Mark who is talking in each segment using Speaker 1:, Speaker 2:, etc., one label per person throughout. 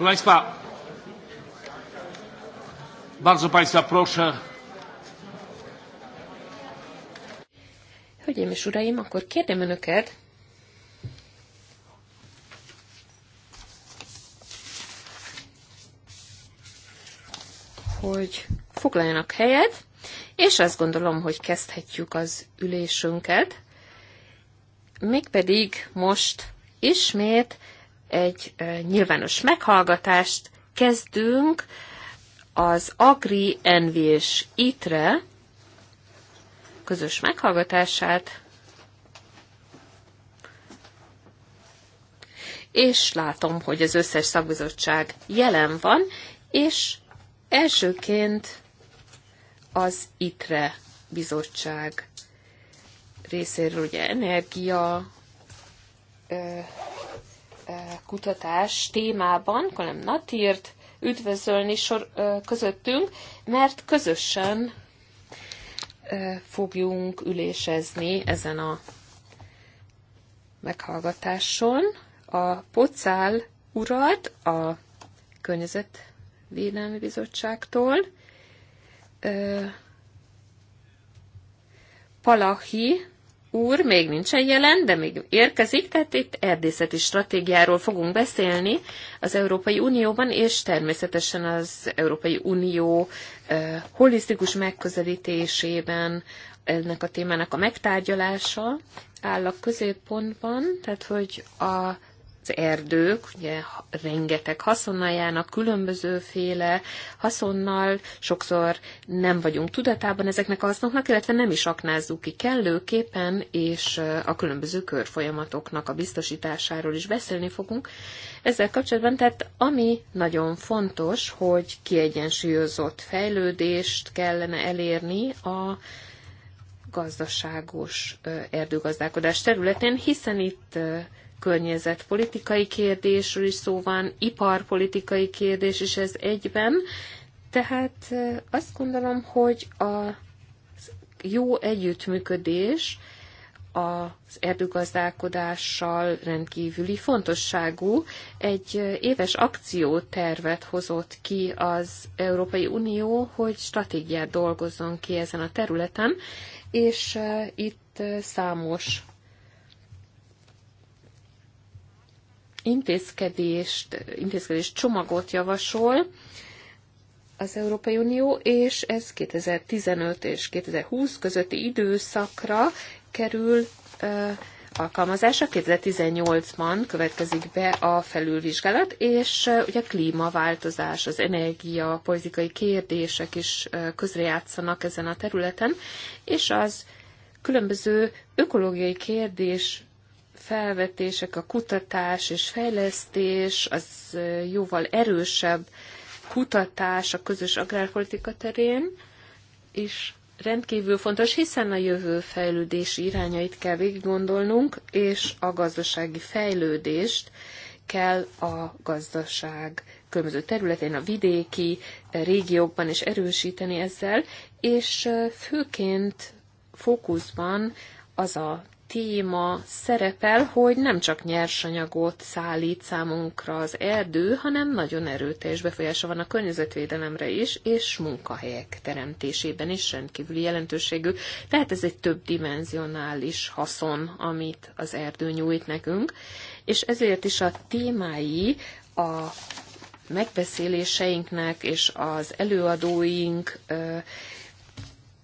Speaker 1: Proszę Państwa, bardzo Państwa proszę. Hölgyeim és Uraim, akkor kérdem Önöket, hogy foglaljanak helyet, és azt gondolom, hogy kezdhetjük az ülésünket. Mégpedig most ismét egy nyilvános meghallgatást kezdünk az Agri Envi és ITRE közös meghallgatását, és látom, hogy az összes szakbizottság jelen van, és elsőként az ITRE bizottság részéről ugye energia kutatás témában, hanem Natírt üdvözölni sor, közöttünk, mert közösen fogjunk ülésezni ezen a meghallgatáson. A Pocál urat a Környezetvédelmi Bizottságtól, Palahi úr még nincsen jelen, de még érkezik, tehát itt erdészeti stratégiáról fogunk beszélni az Európai Unióban, és természetesen az Európai Unió uh, holisztikus megközelítésében ennek a témának a megtárgyalása áll a középpontban, tehát hogy a az erdők ugye rengeteg haszonnal járnak, különbözőféle haszonnal, sokszor nem vagyunk tudatában ezeknek a hasznoknak, illetve nem is aknázzuk ki kellőképpen, és a különböző körfolyamatoknak a biztosításáról is beszélni fogunk. Ezzel kapcsolatban, tehát ami nagyon fontos, hogy kiegyensúlyozott fejlődést kellene elérni a gazdaságos erdőgazdálkodás területén, hiszen itt környezetpolitikai kérdésről is szó van, iparpolitikai kérdés is ez egyben. Tehát azt gondolom, hogy a jó együttműködés az erdőgazdálkodással rendkívüli fontosságú. Egy éves akciótervet hozott ki az Európai Unió, hogy stratégiát dolgozzon ki ezen a területen, és itt számos intézkedést, intézkedés csomagot javasol az Európai Unió, és ez 2015 és 2020 közötti időszakra kerül alkalmazása. 2018-ban következik be a felülvizsgálat, és ugye a klímaváltozás, az energia, politikai kérdések is közrejátszanak ezen a területen, és az különböző ökológiai kérdés felvetések, a kutatás és fejlesztés, az jóval erősebb kutatás a közös agrárpolitika terén is rendkívül fontos, hiszen a jövő fejlődési irányait kell gondolnunk, és a gazdasági fejlődést kell a gazdaság különböző területén, a vidéki régiókban is erősíteni ezzel, és főként fókuszban az a téma szerepel, hogy nem csak nyersanyagot szállít számunkra az erdő, hanem nagyon erőteljes befolyása van a környezetvédelemre is, és munkahelyek teremtésében is rendkívüli jelentőségű. Tehát ez egy több dimenzionális haszon, amit az erdő nyújt nekünk, és ezért is a témái a megbeszéléseinknek és az előadóink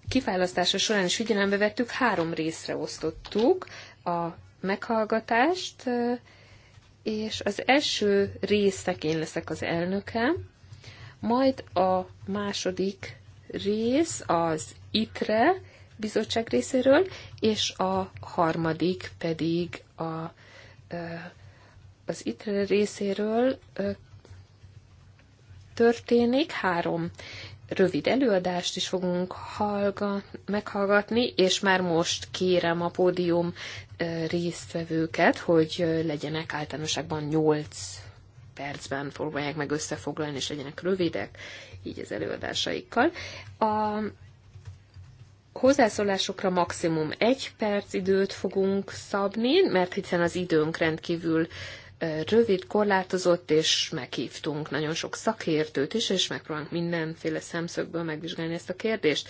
Speaker 1: kiválasztása során is figyelembe vettük, három részre osztottuk a meghallgatást, és az első résznek én leszek az elnöke, majd a második rész az ITRE bizottság részéről, és a harmadik pedig a, az ITRE részéről történik, három rövid előadást is fogunk hallgat, meghallgatni, és már most kérem a pódium résztvevőket, hogy legyenek általánosságban 8 percben próbálják meg összefoglalni, és legyenek rövidek, így az előadásaikkal. A hozzászólásokra maximum egy perc időt fogunk szabni, mert hiszen az időnk rendkívül rövid, korlátozott, és meghívtunk nagyon sok szakértőt is, és megpróbálunk mindenféle szemszögből megvizsgálni ezt a kérdést.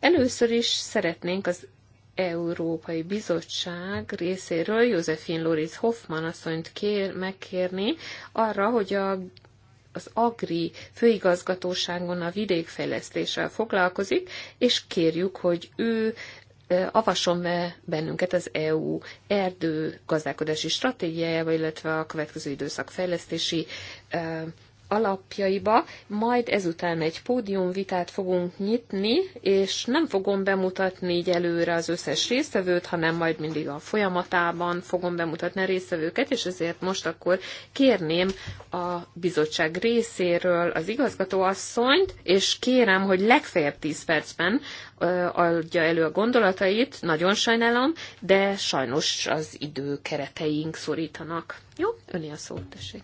Speaker 1: Először is szeretnénk az Európai Bizottság részéről Józefin Loris Hoffman asszonyt kér, megkérni arra, hogy a az Agri főigazgatóságon a vidékfejlesztéssel foglalkozik, és kérjük, hogy ő avasson be bennünket az EU erdő gazdálkodási stratégiájába, illetve a következő időszak fejlesztési alapjaiba, majd ezután egy pódiumvitát fogunk nyitni, és nem fogom bemutatni így előre az összes résztvevőt, hanem majd mindig a folyamatában fogom bemutatni a résztvevőket, és ezért most akkor kérném a bizottság részéről az igazgatóasszonyt, és kérem, hogy legfeljebb 10 percben adja elő a gondolatait, nagyon sajnálom, de sajnos az idő kereteink szorítanak. Jó, öné a szót, tessék.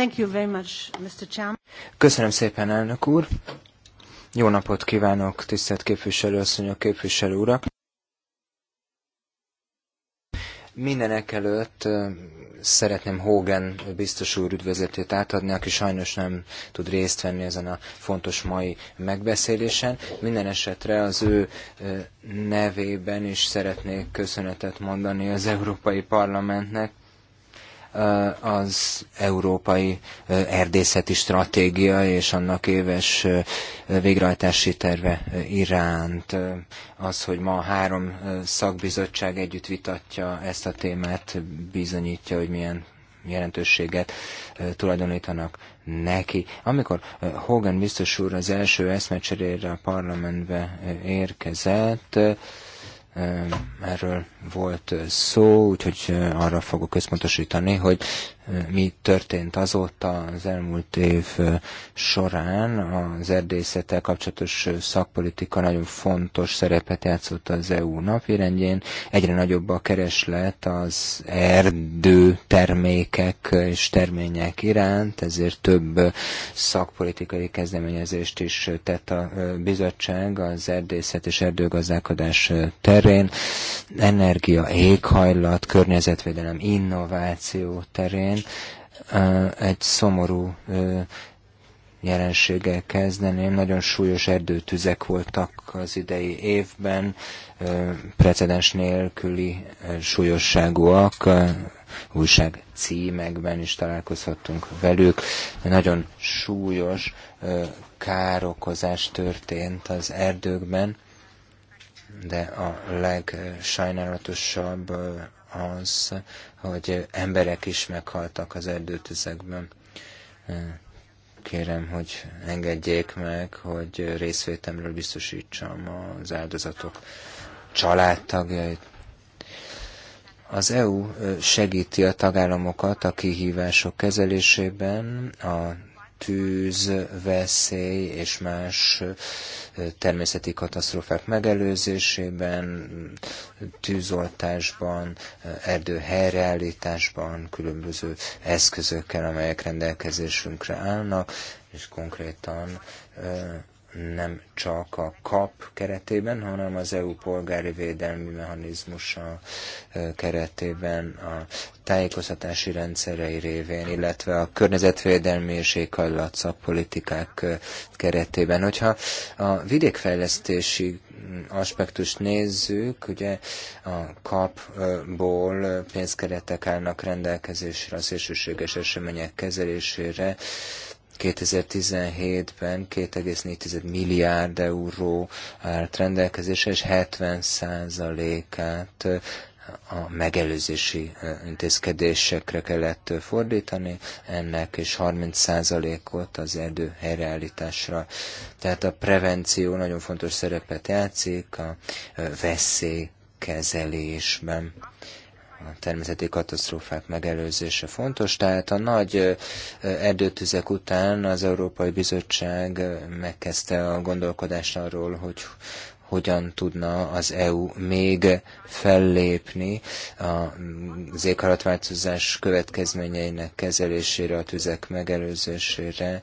Speaker 2: Thank you very much, Mr.
Speaker 3: Köszönöm szépen, elnök úr. Jó napot kívánok, tisztelt képviselőasszonyok, képviselő urak. Mindenek előtt szeretném Hogan biztos úr üdvözletét átadni, aki sajnos nem tud részt venni ezen a fontos mai megbeszélésen. Minden esetre az ő nevében is szeretnék köszönetet mondani az Európai Parlamentnek, az Európai Erdészeti Stratégia és annak éves végrehajtási terve iránt. Az, hogy ma három szakbizottság együtt vitatja ezt a témát, bizonyítja, hogy milyen jelentőséget tulajdonítanak neki. Amikor Hogan biztos úr az első eszmecserére a parlamentbe érkezett, erről volt szó, úgyhogy arra fogok összpontosítani, hogy mi történt azóta az elmúlt év során. Az erdészettel kapcsolatos szakpolitika nagyon fontos szerepet játszott az EU napirendjén. Egyre nagyobb a kereslet az erdő termékek és termények iránt, ezért több szakpolitikai kezdeményezést is tett a bizottság az erdészet és erdőgazdálkodás terén, energia, éghajlat, környezetvédelem, innováció terén, idején egy szomorú jelenséggel kezdeném. Nagyon súlyos erdőtüzek voltak az idei évben, precedens nélküli súlyosságúak, újság címekben is találkozhattunk velük. Nagyon súlyos károkozás történt az erdőkben, de a legsajnálatosabb az, hogy emberek is meghaltak az erdőtüzekben. Kérem, hogy engedjék meg, hogy részvétemről biztosítsam az áldozatok családtagjait. Az EU segíti a tagállamokat a kihívások kezelésében, a tűz, veszély és más természeti katasztrófák megelőzésében, tűzoltásban, erdő helyreállításban, különböző eszközökkel, amelyek rendelkezésünkre állnak, és konkrétan nem csak a KAP keretében, hanem az EU polgári védelmi mechanizmusa keretében, a tájékoztatási rendszerei révén, illetve a környezetvédelmi és éghajlat szakpolitikák keretében. Hogyha a vidékfejlesztési aspektust nézzük, ugye a kapból pénzkeretek állnak rendelkezésre a szélsőséges események kezelésére, 2017-ben 2,4 milliárd euró állt rendelkezésre, és 70 át a megelőzési intézkedésekre kellett fordítani, ennek és 30%-ot az erdő helyreállításra. Tehát a prevenció nagyon fontos szerepet játszik a veszélykezelésben a természeti katasztrófák megelőzése fontos, tehát a nagy erdőtüzek után az Európai Bizottság megkezdte a gondolkodást arról, hogy hogyan tudna az EU még fellépni az éghajlatváltozás következményeinek kezelésére, a tüzek megelőzésére.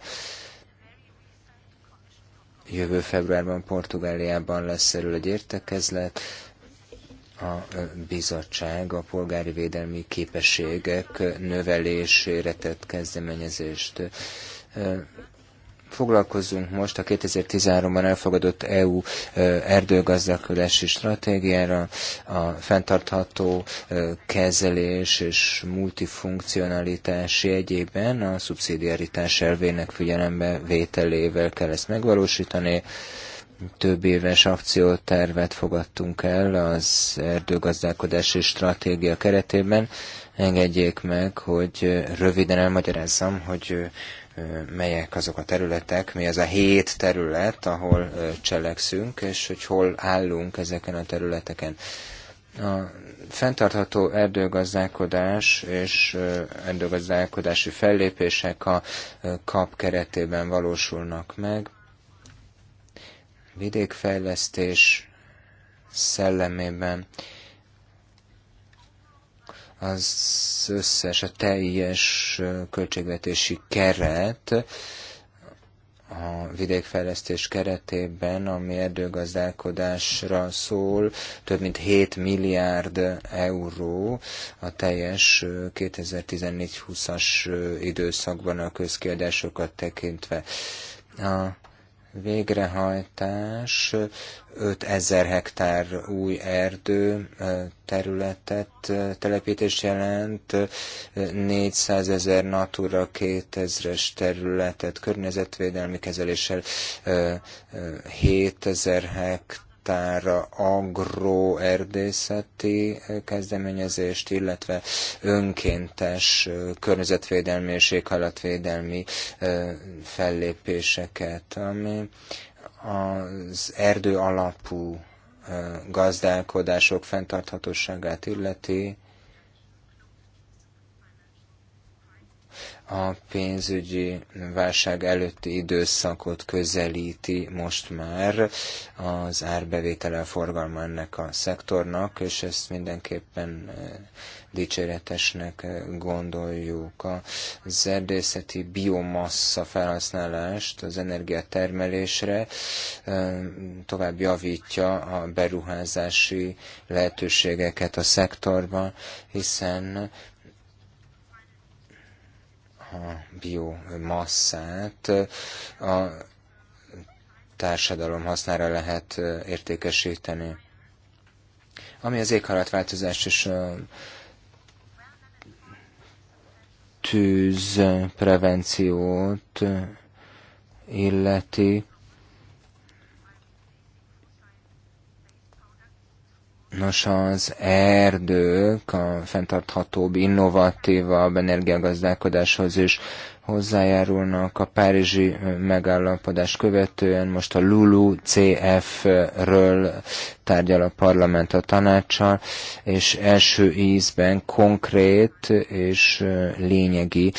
Speaker 3: Jövő februárban Portugáliában lesz erről egy értekezlet, a bizottság a polgári védelmi képességek növelésére tett kezdeményezést. Foglalkozzunk most a 2013-ban elfogadott EU erdőgazdálkodási stratégiára, a fenntartható kezelés és multifunkcionalitási egyében a szubszidiaritás elvének figyelembe vételével kell ezt megvalósítani több éves akciótervet fogadtunk el az erdőgazdálkodási stratégia keretében. Engedjék meg, hogy röviden elmagyarázzam, hogy melyek azok a területek, mi az a hét terület, ahol cselekszünk, és hogy hol állunk ezeken a területeken. A fenntartható erdőgazdálkodás és erdőgazdálkodási fellépések a kap keretében valósulnak meg vidékfejlesztés szellemében az összes, a teljes költségvetési keret a vidékfejlesztés keretében, ami erdőgazdálkodásra szól, több mint 7 milliárd euró a teljes 2014-20-as időszakban a közkiadásokat tekintve. A végrehajtás 5000 hektár új erdő területet telepítés jelent, 400 ezer Natura 2000-es területet környezetvédelmi kezeléssel, 7000 hektár határa agroerdészeti kezdeményezést, illetve önkéntes környezetvédelmi és éghajlatvédelmi fellépéseket, ami az erdő alapú gazdálkodások fenntarthatóságát illeti, a pénzügyi válság előtti időszakot közelíti most már az árbevétele forgalma ennek a szektornak, és ezt mindenképpen eh, dicséretesnek eh, gondoljuk. Az erdészeti biomassa felhasználást az energiatermelésre eh, tovább javítja a beruházási lehetőségeket a szektorban, hiszen a biomasszát a társadalom hasznára lehet értékesíteni. Ami az éghajlatváltozás és a tűzprevenciót illeti, Nos, az erdők a fenntarthatóbb, innovatívabb energiagazdálkodáshoz is hozzájárulnak a párizsi megállapodás követően. Most a Lulu CF-ről tárgyal a parlament a tanácssal, és első ízben konkrét és lényegi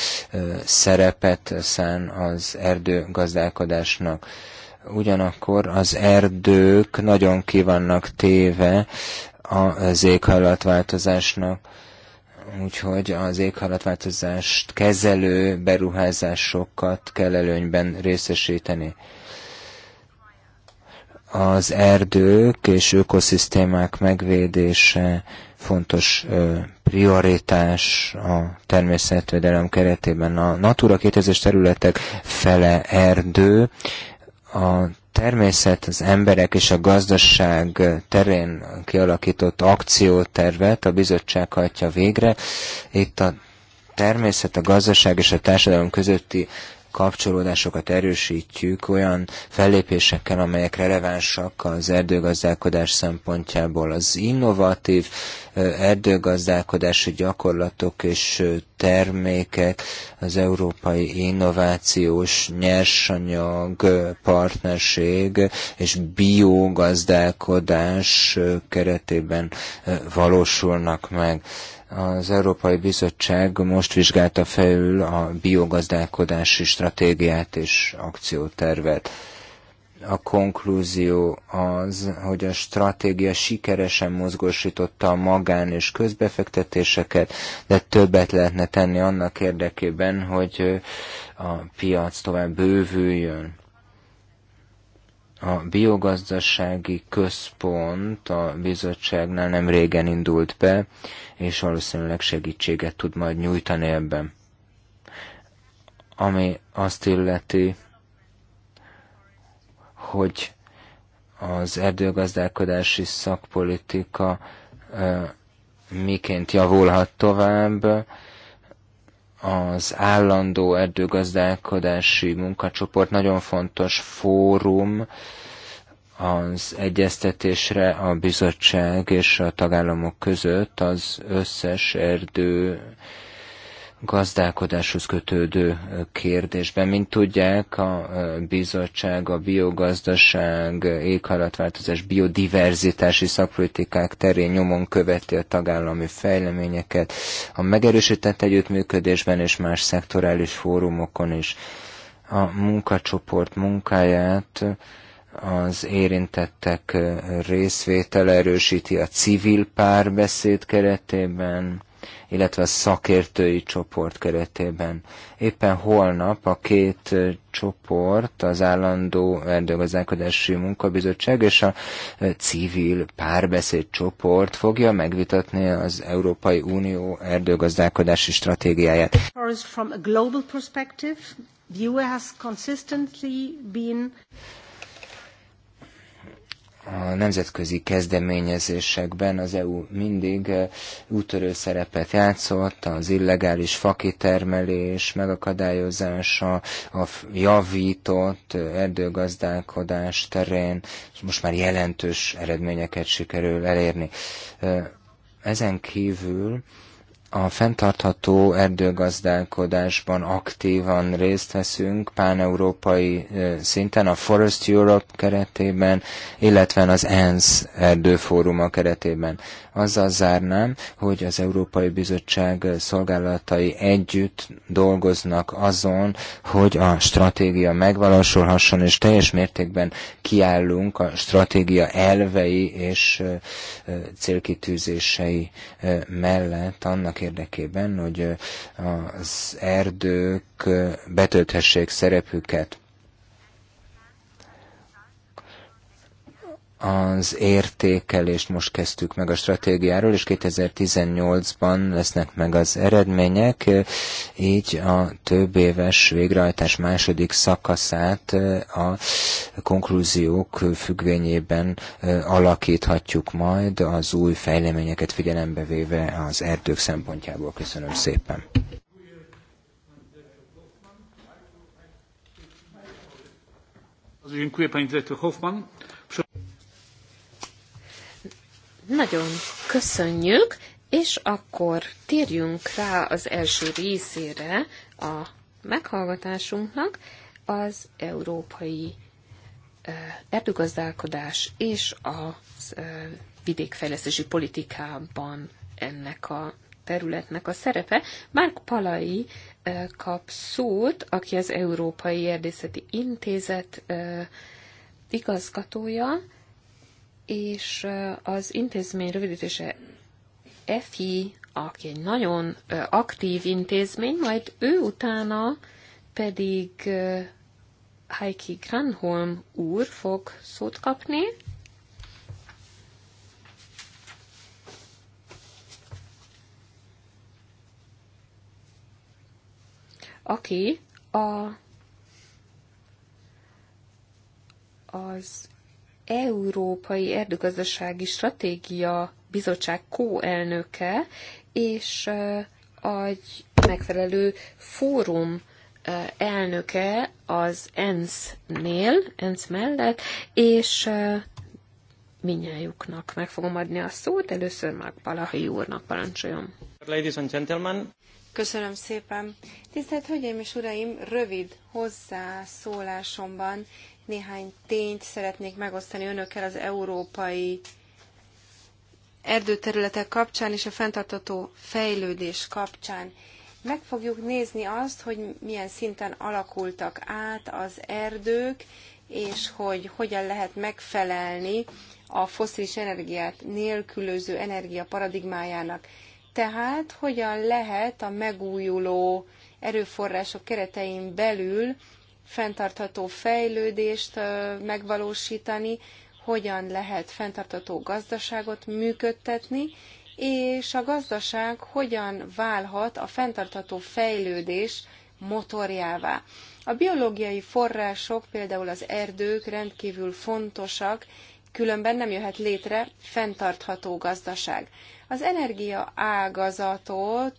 Speaker 3: szerepet szán az erdőgazdálkodásnak ugyanakkor az erdők nagyon kivannak téve az éghajlatváltozásnak úgyhogy az éghajlatváltozást kezelő beruházásokat kell előnyben részesíteni. Az erdők és ökoszisztémák megvédése fontos prioritás a természetvédelem keretében. A Natura 2000 területek fele erdő, a természet, az emberek és a gazdaság terén kialakított akciótervet a bizottság hajtja végre. Itt a természet, a gazdaság és a társadalom közötti kapcsolódásokat erősítjük olyan fellépésekkel, amelyek relevánsak az erdőgazdálkodás szempontjából. Az innovatív erdőgazdálkodási gyakorlatok és termékek, az európai innovációs nyersanyag partnerség és biogazdálkodás keretében valósulnak meg. Az Európai Bizottság most vizsgálta felül a biogazdálkodási stratégiát és akciótervet. A konklúzió az, hogy a stratégia sikeresen mozgósította a magán és közbefektetéseket, de többet lehetne tenni annak érdekében, hogy a piac tovább bővüljön a biogazdasági központ a bizottságnál nem régen indult be, és valószínűleg segítséget tud majd nyújtani ebben. Ami azt illeti, hogy az erdőgazdálkodási szakpolitika miként javulhat tovább, az állandó erdőgazdálkodási munkacsoport nagyon fontos fórum az egyeztetésre a bizottság és a tagállamok között az összes erdő gazdálkodáshoz kötődő kérdésben. Mint tudják, a bizottság a biogazdaság, éghajlatváltozás, biodiverzitási szakpolitikák terén nyomon követi a tagállami fejleményeket a megerősített együttműködésben és más szektorális fórumokon is. A munkacsoport munkáját az érintettek részvétel erősíti a civil párbeszéd keretében, illetve a szakértői csoport keretében. Éppen holnap a két csoport, az állandó erdőgazdálkodási munkabizottság és a civil párbeszéd csoport fogja megvitatni az Európai Unió erdőgazdálkodási stratégiáját.
Speaker 2: From a global perspective, the EU has consistently been
Speaker 3: a nemzetközi kezdeményezésekben az EU mindig eh, útörő szerepet játszott, az illegális fakitermelés megakadályozása, a javított eh, erdőgazdálkodás terén, és most már jelentős eredményeket sikerül elérni. Eh, ezen kívül a fenntartható erdőgazdálkodásban aktívan részt veszünk páneurópai szinten, a Forest Europe keretében, illetve az ENSZ erdőfóruma keretében. Azzal zárnám, hogy az Európai Bizottság szolgálatai együtt dolgoznak azon, hogy a stratégia megvalósulhasson, és teljes mértékben kiállunk a stratégia elvei és célkitűzései mellett annak annak érdekében, hogy az erdők betölthessék szerepüket. az értékelést most kezdtük meg a stratégiáról, és 2018-ban lesznek meg az eredmények, így a több éves végrehajtás második szakaszát a konklúziók függvényében alakíthatjuk majd az új fejleményeket figyelembe véve az erdők szempontjából. Köszönöm szépen! Köszönöm, pani Hoffman.
Speaker 1: Nagyon köszönjük, és akkor térjünk rá az első részére a meghallgatásunknak, az európai erdőgazdálkodás és a vidékfejlesztési politikában ennek a területnek a szerepe. Márk Palai kap szót, aki az Európai Erdészeti Intézet igazgatója, és az intézmény rövidítése EFI, aki egy nagyon aktív intézmény, majd ő utána pedig Heike Granholm úr fog szót kapni. aki a, az Európai Erdőgazdasági Stratégia Bizottság kóelnöke, és egy megfelelő fórum elnöke az ENSZ-nél, ENSZ mellett, és minnyájuknak meg fogom adni a szót. Először már Balahai úrnak parancsoljon.
Speaker 2: Ladies and gentlemen. Köszönöm szépen. Tisztelt Hölgyeim és Uraim, rövid hozzászólásomban néhány tényt szeretnék megosztani önökkel az európai erdőterületek kapcsán és a fenntartató fejlődés kapcsán. Meg fogjuk nézni azt, hogy milyen szinten alakultak át az erdők, és hogy hogyan lehet megfelelni a foszilis energiát nélkülöző energia paradigmájának. Tehát hogyan lehet a megújuló erőforrások keretein belül fenntartható fejlődést megvalósítani, hogyan lehet fenntartható gazdaságot működtetni, és a gazdaság hogyan válhat a fenntartható fejlődés motorjává. A biológiai források, például az erdők rendkívül fontosak, különben nem jöhet létre fenntartható gazdaság. Az energia ágazatot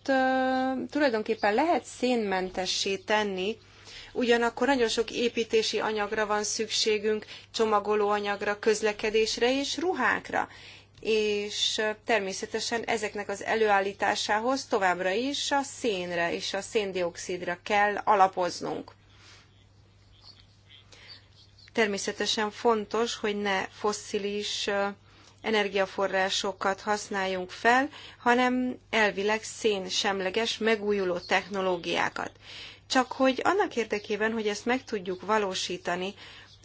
Speaker 2: tulajdonképpen lehet szénmentessé tenni, Ugyanakkor nagyon sok építési anyagra van szükségünk, csomagolóanyagra, közlekedésre és ruhákra és természetesen ezeknek az előállításához továbbra is a szénre és a széndiokszidra kell alapoznunk. Természetesen fontos, hogy ne fosszilis energiaforrásokat használjunk fel, hanem elvileg szénsemleges, megújuló technológiákat. Csak hogy annak érdekében, hogy ezt meg tudjuk valósítani,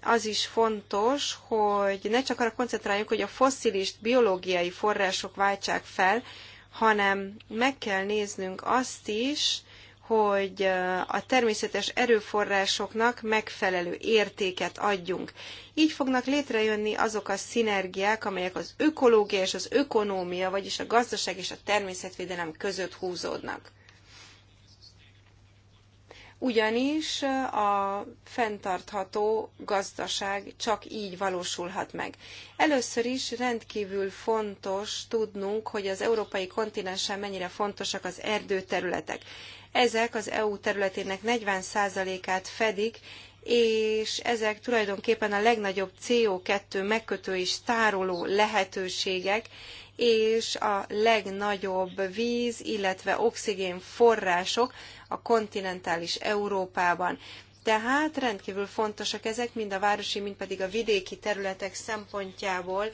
Speaker 2: az is fontos, hogy ne csak arra koncentráljunk, hogy a fosszilis biológiai források váltsák fel, hanem meg kell néznünk azt is, hogy a természetes erőforrásoknak megfelelő értéket adjunk. Így fognak létrejönni azok a szinergiák, amelyek az ökológia és az ökonómia, vagyis a gazdaság és a természetvédelem között húzódnak ugyanis a fenntartható gazdaság csak így valósulhat meg. Először is rendkívül fontos tudnunk, hogy az európai kontinensen mennyire fontosak az erdőterületek. Ezek az EU területének 40%-át fedik, és ezek tulajdonképpen a legnagyobb CO2 megkötő és tároló lehetőségek, és a legnagyobb víz, illetve oxigén források, a kontinentális Európában. Tehát rendkívül fontosak ezek, mind a városi, mind pedig a vidéki területek szempontjából,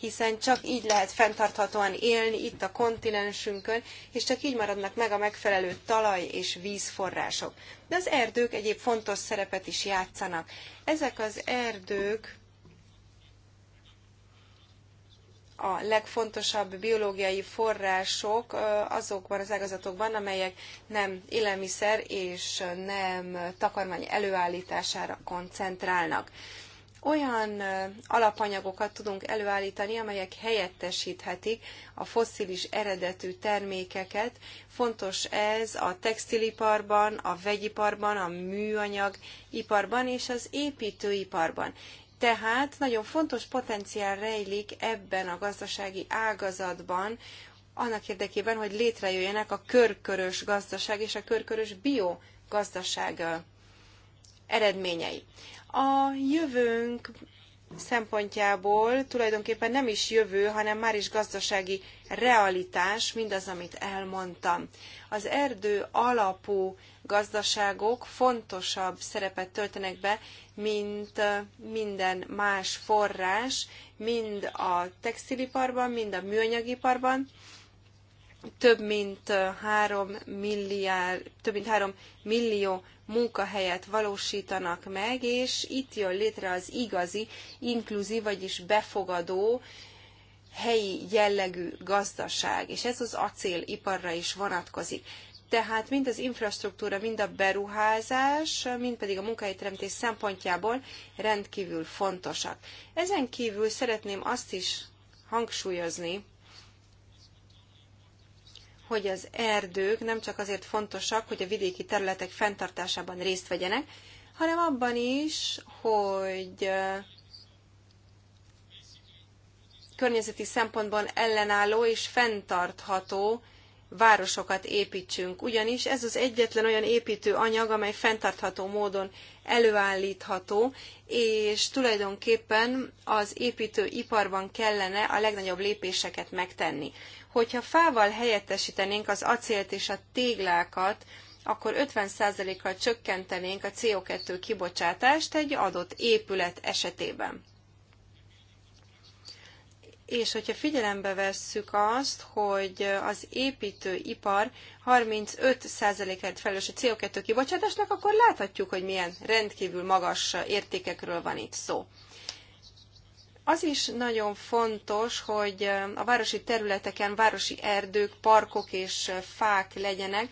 Speaker 2: hiszen csak így lehet fenntarthatóan élni itt a kontinensünkön, és csak így maradnak meg a megfelelő talaj és vízforrások. De az erdők egyéb fontos szerepet is játszanak. Ezek az erdők a legfontosabb biológiai források azokban az ágazatokban, amelyek nem élelmiszer és nem takarmány előállítására koncentrálnak. Olyan alapanyagokat tudunk előállítani, amelyek helyettesíthetik a fosszilis eredetű termékeket. Fontos ez a textiliparban, a vegyiparban, a műanyagiparban és az építőiparban. Tehát nagyon fontos potenciál rejlik ebben a gazdasági ágazatban, annak érdekében, hogy létrejöjjenek a körkörös gazdaság és a körkörös biogazdaság eredményei. A jövőnk szempontjából tulajdonképpen nem is jövő, hanem már is gazdasági realitás mindaz, amit elmondtam. Az erdő alapú gazdaságok fontosabb szerepet töltenek be, mint minden más forrás, mind a textiliparban, mind a műanyagiparban. Több mint 3 milliárd, több mint 3 millió munkahelyet valósítanak meg, és itt jön létre az igazi, inkluzív, vagyis befogadó, helyi jellegű gazdaság, és ez az acéliparra is vonatkozik. Tehát mind az infrastruktúra, mind a beruházás, mind pedig a munkahelyteremtés szempontjából rendkívül fontosak. Ezen kívül szeretném azt is hangsúlyozni, hogy az erdők nem csak azért fontosak, hogy a vidéki területek fenntartásában részt vegyenek, hanem abban is, hogy környezeti szempontból ellenálló és fenntartható városokat építsünk. Ugyanis ez az egyetlen olyan építő anyag, amely fenntartható módon előállítható, és tulajdonképpen az építőiparban kellene a legnagyobb lépéseket megtenni. Hogyha fával helyettesítenénk az acélt és a téglákat, akkor 50%-kal csökkentenénk a CO2 kibocsátást egy adott épület esetében. És hogyha figyelembe vesszük azt, hogy az építőipar 35%-át felelős a CO2 kibocsátásnak, akkor láthatjuk, hogy milyen rendkívül magas értékekről van itt szó. Az is nagyon fontos, hogy a városi területeken városi erdők, parkok és fák legyenek,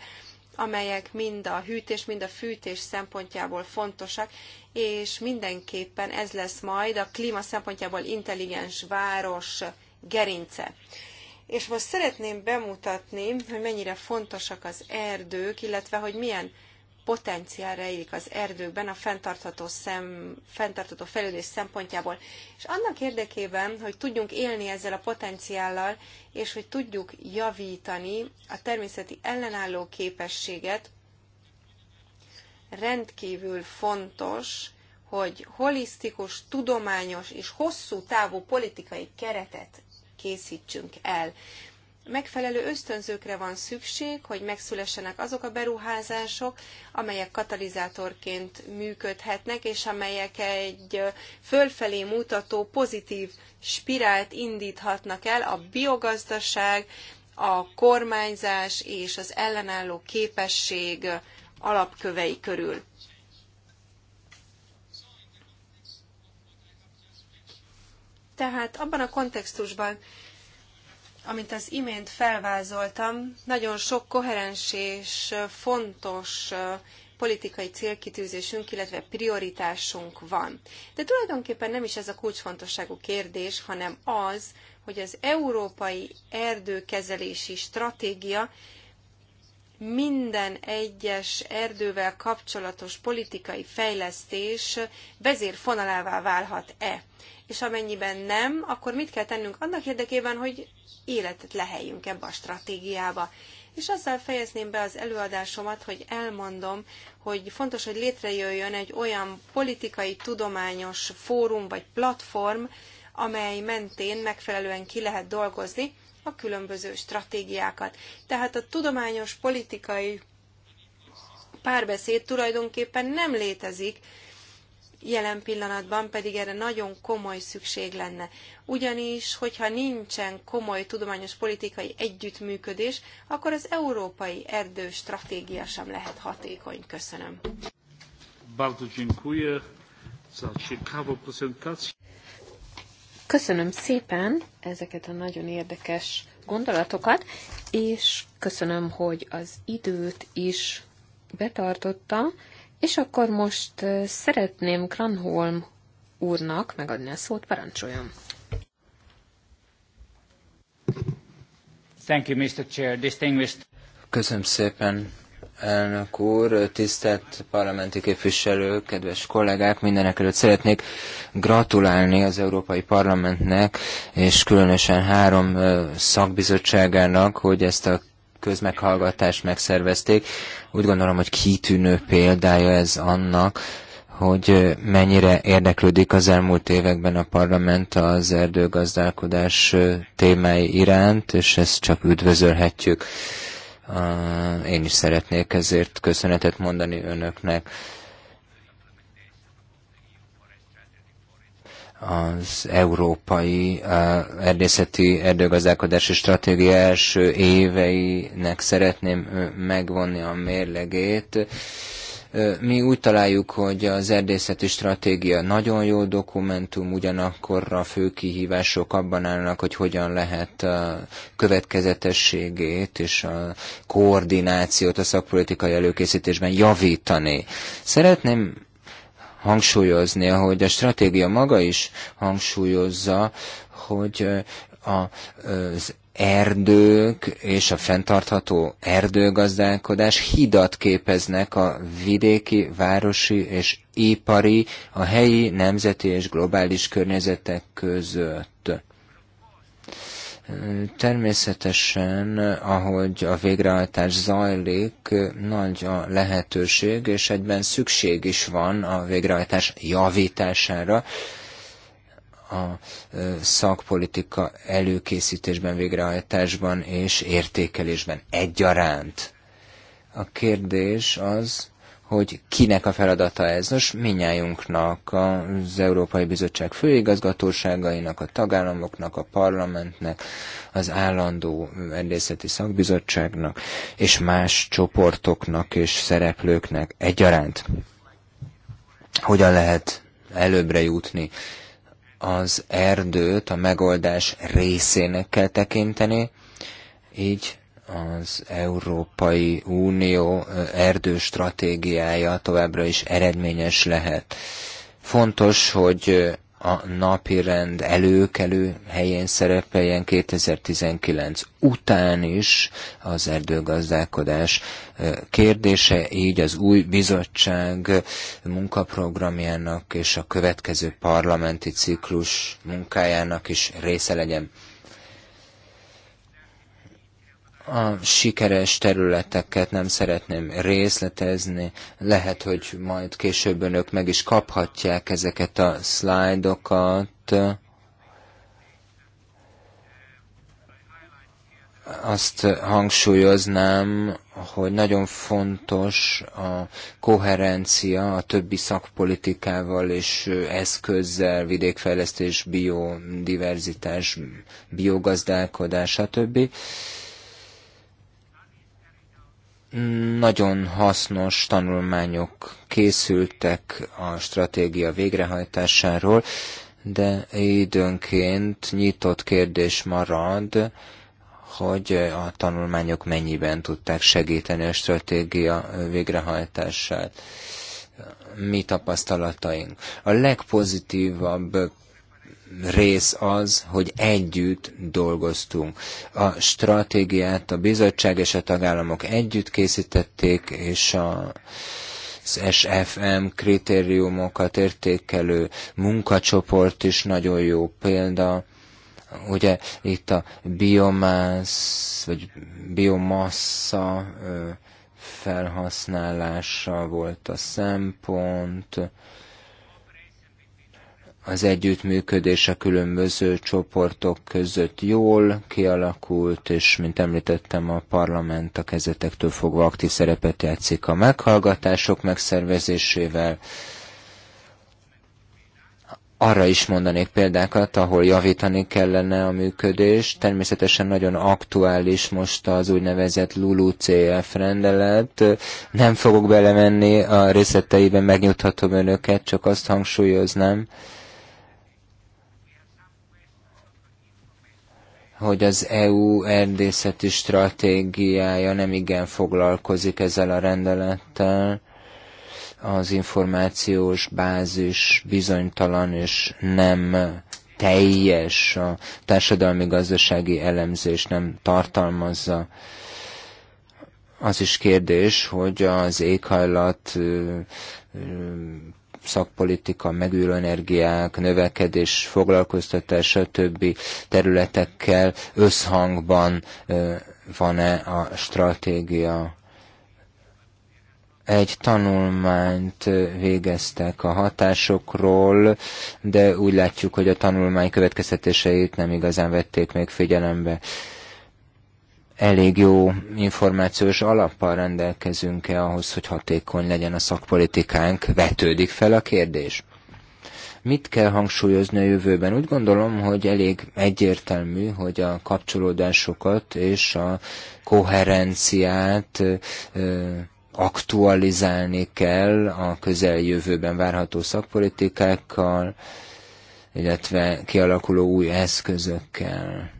Speaker 2: amelyek mind a hűtés, mind a fűtés szempontjából fontosak, és mindenképpen ez lesz majd a klíma szempontjából intelligens város gerince. És most szeretném bemutatni, hogy mennyire fontosak az erdők, illetve hogy milyen potenciál rejlik az erdőkben a fenntartható, szem, fenntartható fejlődés szempontjából. És annak érdekében, hogy tudjunk élni ezzel a potenciállal, és hogy tudjuk javítani a természeti ellenálló képességet, rendkívül fontos, hogy holisztikus, tudományos és hosszú távú politikai keretet készítsünk el megfelelő ösztönzőkre van szükség, hogy megszülessenek azok a beruházások, amelyek katalizátorként működhetnek, és amelyek egy fölfelé mutató pozitív spirált indíthatnak el a biogazdaság, a kormányzás és az ellenálló képesség alapkövei körül. Tehát abban a kontextusban, Amint az imént felvázoltam, nagyon sok koherens és fontos politikai célkitűzésünk, illetve prioritásunk van. De tulajdonképpen nem is ez a kulcsfontosságú kérdés, hanem az, hogy az európai erdőkezelési stratégia minden egyes erdővel kapcsolatos politikai fejlesztés vezérfonalává válhat-e. És amennyiben nem, akkor mit kell tennünk annak érdekében, hogy életet leheljünk ebbe a stratégiába. És azzal fejezném be az előadásomat, hogy elmondom, hogy fontos, hogy létrejöjjön egy olyan politikai, tudományos fórum vagy platform, amely mentén megfelelően ki lehet dolgozni, a különböző stratégiákat. Tehát a tudományos politikai párbeszéd tulajdonképpen nem létezik, jelen pillanatban pedig erre nagyon komoly szükség lenne. Ugyanis, hogyha nincsen komoly tudományos politikai együttműködés, akkor az európai erdő stratégia sem lehet hatékony. Köszönöm. Bardzo dziękuję za ciekawą prezentację.
Speaker 1: Köszönöm szépen ezeket a nagyon érdekes gondolatokat, és köszönöm, hogy az időt is betartotta, és akkor most szeretném Granholm úrnak megadni a szót, parancsoljon. Thank
Speaker 3: you, Mr. Chair. Distinguished... Köszönöm szépen, elnök úr, tisztelt parlamenti képviselők, kedves kollégák, mindenek előtt szeretnék gratulálni az Európai Parlamentnek, és különösen három szakbizottságának, hogy ezt a közmeghallgatást megszervezték. Úgy gondolom, hogy kitűnő példája ez annak, hogy mennyire érdeklődik az elmúlt években a parlament az erdőgazdálkodás témái iránt, és ezt csak üdvözölhetjük. Ah, én is szeretnék ezért köszönetet mondani önöknek. az európai ah, erdészeti erdőgazdálkodási stratégia első éveinek szeretném megvonni a mérlegét. Mi úgy találjuk, hogy az erdészeti stratégia nagyon jó dokumentum, ugyanakkor a fő kihívások abban állnak, hogy hogyan lehet a következetességét és a koordinációt a szakpolitikai előkészítésben javítani. Szeretném hangsúlyozni, ahogy a stratégia maga is hangsúlyozza, hogy az erdők és a fenntartható erdőgazdálkodás hidat képeznek a vidéki, városi és ipari, a helyi, nemzeti és globális környezetek között. Természetesen, ahogy a végrehajtás zajlik, nagy a lehetőség, és egyben szükség is van a végrehajtás javítására, a e, szakpolitika előkészítésben, végrehajtásban és értékelésben egyaránt. A kérdés az, hogy kinek a feladata ez. Nos, minnyájunknak, az Európai Bizottság főigazgatóságainak, a tagállamoknak, a parlamentnek, az állandó rendészeti szakbizottságnak és más csoportoknak és szereplőknek egyaránt. Hogyan lehet előbbre jutni? az erdőt a megoldás részének kell tekinteni, így az Európai Unió erdő stratégiája továbbra is eredményes lehet. Fontos, hogy a napi rend előkelő helyén szerepeljen 2019 után is az erdőgazdálkodás kérdése, így az új bizottság munkaprogramjának és a következő parlamenti ciklus munkájának is része legyen a sikeres területeket nem szeretném részletezni, lehet, hogy majd később önök meg is kaphatják ezeket a szlájdokat. Azt hangsúlyoznám, hogy nagyon fontos a koherencia a többi szakpolitikával és eszközzel, vidékfejlesztés, biodiverzitás, biogazdálkodás, stb nagyon hasznos tanulmányok készültek a stratégia végrehajtásáról, de időnként nyitott kérdés marad, hogy a tanulmányok mennyiben tudták segíteni a stratégia végrehajtását. Mi tapasztalataink? A legpozitívabb rész az, hogy együtt dolgoztunk. A stratégiát a bizottság és a tagállamok együtt készítették, és a az SFM kritériumokat értékelő munkacsoport is nagyon jó példa. Ugye itt a biomász, vagy biomassa felhasználása volt a szempont, az együttműködés a különböző csoportok között jól kialakult, és mint említettem, a parlament a kezetektől fogva aktív szerepet játszik a meghallgatások megszervezésével. Arra is mondanék példákat, ahol javítani kellene a működés. Természetesen nagyon aktuális most az úgynevezett LULU-CF rendelet. Nem fogok belemenni a részleteiben, megnyugtatom önöket, csak azt hangsúlyoznám, hogy az EU erdészeti stratégiája nem igen foglalkozik ezzel a rendelettel, az információs bázis bizonytalan és nem teljes, a társadalmi-gazdasági elemzés nem tartalmazza. Az is kérdés, hogy az éghajlat szakpolitika, megújuló növekedés, foglalkoztatás, stb. területekkel összhangban van-e a stratégia? Egy tanulmányt végeztek a hatásokról, de úgy látjuk, hogy a tanulmány következtetéseit nem igazán vették még figyelembe elég jó információs alappal rendelkezünk-e ahhoz, hogy hatékony legyen a szakpolitikánk, vetődik fel a kérdés. Mit kell hangsúlyozni a jövőben? Úgy gondolom, hogy elég egyértelmű, hogy a kapcsolódásokat és a koherenciát aktualizálni kell a közeljövőben várható szakpolitikákkal, illetve kialakuló új eszközökkel